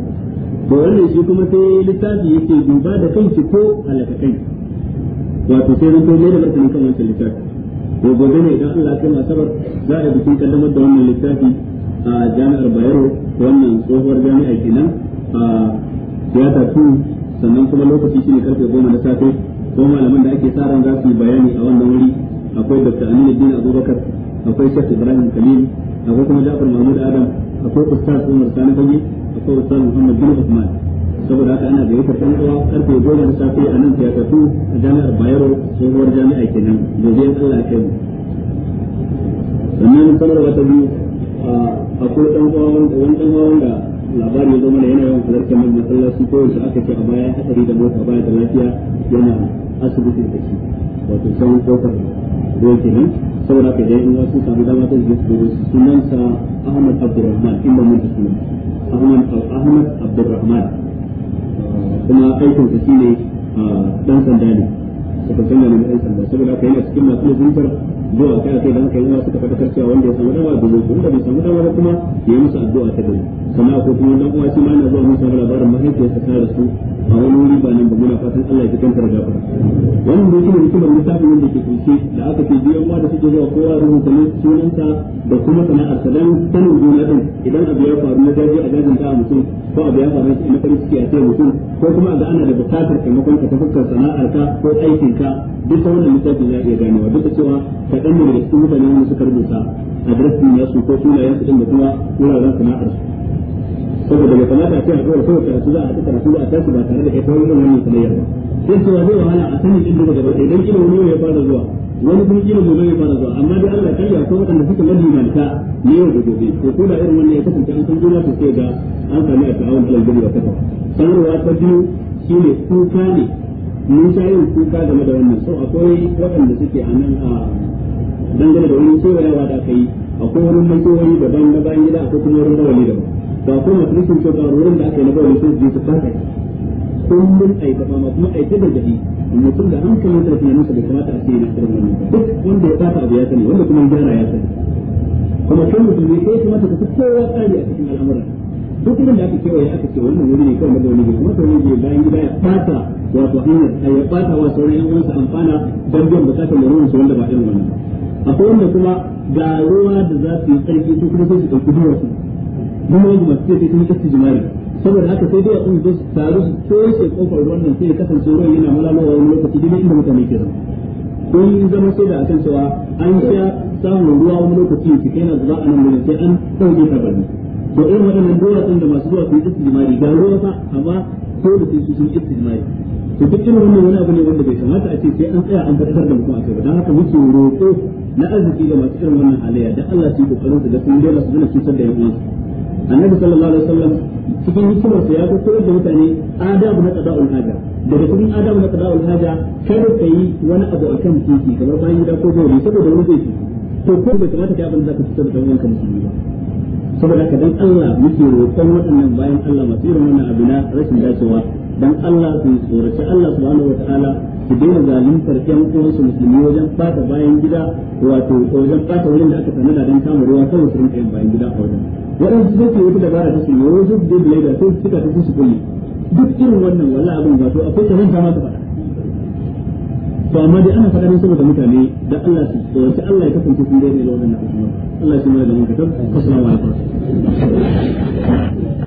to wannan shi kuma sai littafi yake duba da kanki ko halaka kai wato sai ran kai da martani kan wancan littafi to gobe ne idan Allah ya kai masabar za a bikin kaddamar da wannan littafi a jami'ar Bayero wannan tsohuwar jami'a kenan a ya tafi sannan kuma lokaci shine karfe goma na safe ko malaman da ake sa ran za su yi bayani a wannan wuri akwai dr aminu din abubakar akwai shafi ibrahim kalim akwai kuma jafar mahmud adam akwai ustaz umar sani fage akwai ustaz muhammad bin usman saboda haka ana gari karfe uwa karfe goma na safe a nan tiyata tafi a jami'ar bayero tsohuwar jami'a kenan gobe in allah kai mu sannan sanarwa ta biyu akwai ɗan uwa wanda labari ya zama da yana yawan halartar mai masallaci ko yaushe aka ce a baya hatsari da mota baya da lafiya yana asibiti da shi wato san kofar ruwan kenan saboda ka idan in su samu dama ta zuwa su su sunansa Ahmad abdurrahman in ba mun sunan Ahmad Ahmad kuma aikin sa shine dan ah, sanda ne suka sanya ne ɗan sanda saboda haka yana cikin masu zuntar zuwa kai a kai da haka yana suka faɗa cewa wanda ya samu dama da zai wanda bai samu dama ba kuma ya yi musu addu'a ta gari sannan ko kuma dan uwa shi ma yana zuwa mun samu labarin mahaifiyarsa ta rasu a wani wuri ba nan ba muna fatan Allah ya fi kanta da gafara wannan dai shine hikimar lissafin wanda ke kunshe da aka ce biyan uwa da suke zuwa kowa rubuta ne sunanta da kuma sana'ar sa dan sanin juna din idan abu ya faru na daji a dajin ta mutum ko abu ya faru na farin ciki a ce mutum ko kuma ga ana da bukatar taimakon ka ta fuskar sana'ar ka ko aikin rubuta duk ta wannan littafi za a iya ganewa duk da cewa kaɗan ne daga cikin mutane wanda suka rubuta adireshin ya su ko sunayen su da kuma wuraren sana'ar su saboda bai kamata a ce a kawai kawai karatu za a haɗa karatu a tashi ba tare da ita wani irin wannan sanayyar ba sai cewa zai wahala a sani din daga gaba idan kila wani ya fara zuwa wani kuma kila gobe ya fara zuwa amma dai Allah kai ya ko waɗanda suka majimanta ne yau da gobe ko ko da irin wannan ya kasance an san juna to ga an sami a ta'awun alal gari wa kafa sanarwa ta biyu shine kuka ne mun sha yin kuka game da wannan so akwai waɗanda suke a nan a dangane da wani kewayawa da aka yi akwai wani da daban na bayan gida akwai kuma wurin rawani daban ba ko masu rikin cewa wurin da aka yi na bayan sun je su fasa kullum a yi ba ma kuma a yi ta da jahi mutum da hankalin sa da tunaninsa bai kamata a ce yana irin wannan duk wanda ya fata abu ya sani wanda kuma ya gyara ya sani kuma kai mutum ne sai kuma ta fi kowa tsari a cikin al'amuran duk da aka kewaye aka ce wannan wuri ne kawai na gauni kuma to ne bayan gida ya fata wato hanyar ya fata wa sauran yan uwansa amfana don biyan bukatar da ruwan su wanda ba irin wannan akwai wanda kuma ga ruwa da za su yi tsarki su kuma sai su ɗauki duwatsu duk wanda masu ce sai kuma kasu jimari saboda haka sai dai a kuma su taru su toshe kofar wannan sai ya kasance ruwan yana malalowa wani lokaci dai inda mutane ke zama ko yi zama sai da san cewa an sha samun ruwa wani lokaci su kai na zuba a nan sai an ɗauke bari da irin waɗannan doya sun da masu zuwa su yi istijmari ga ruwa fa amma da sai su sun istijmari to duk irin wannan wani abu ne wanda bai kamata a ce sai an tsaya an faɗakar da mutum a kai ba don haka muke roƙo na arziki da masu irin wannan halayya da Allah su yi kokarin su ga sun dole su zana cutar da yan uwansu annabi sallallahu alaihi wasallam cikin hikimar sa ya ga koyar da mutane adabu na qada'ul haja daga cikin adabu na qada'ul haja kada ka yi wani abu akan titi kamar bayan gida ko dole saboda wani zai ci to ko bai kamata ka abin da zaka cutar da wannan uwanka ba saboda ka dan Allah muke roƙon waɗannan bayan Allah masu irin wannan abu na rashin dacewa dan Allah su tsoraci Allah subhanahu wataala su daina zaluntar ƴan uwansu musulmi wajen fata bayan gida wato wajen fata wurin da aka tanada dan kama ruwa kawai su rinka yin bayan gida a wajen waɗansu sai ke wata dabara ta su yi wasu da da sai suka ta su kulle duk irin wannan wala abin ba to akwai ta ma ta masa faɗa ba ma dai ana faɗa ne saboda mutane da Allah su wace Allah ya kasance sun daidai da wannan Allah shi mai da mun kasar assalamu alaikum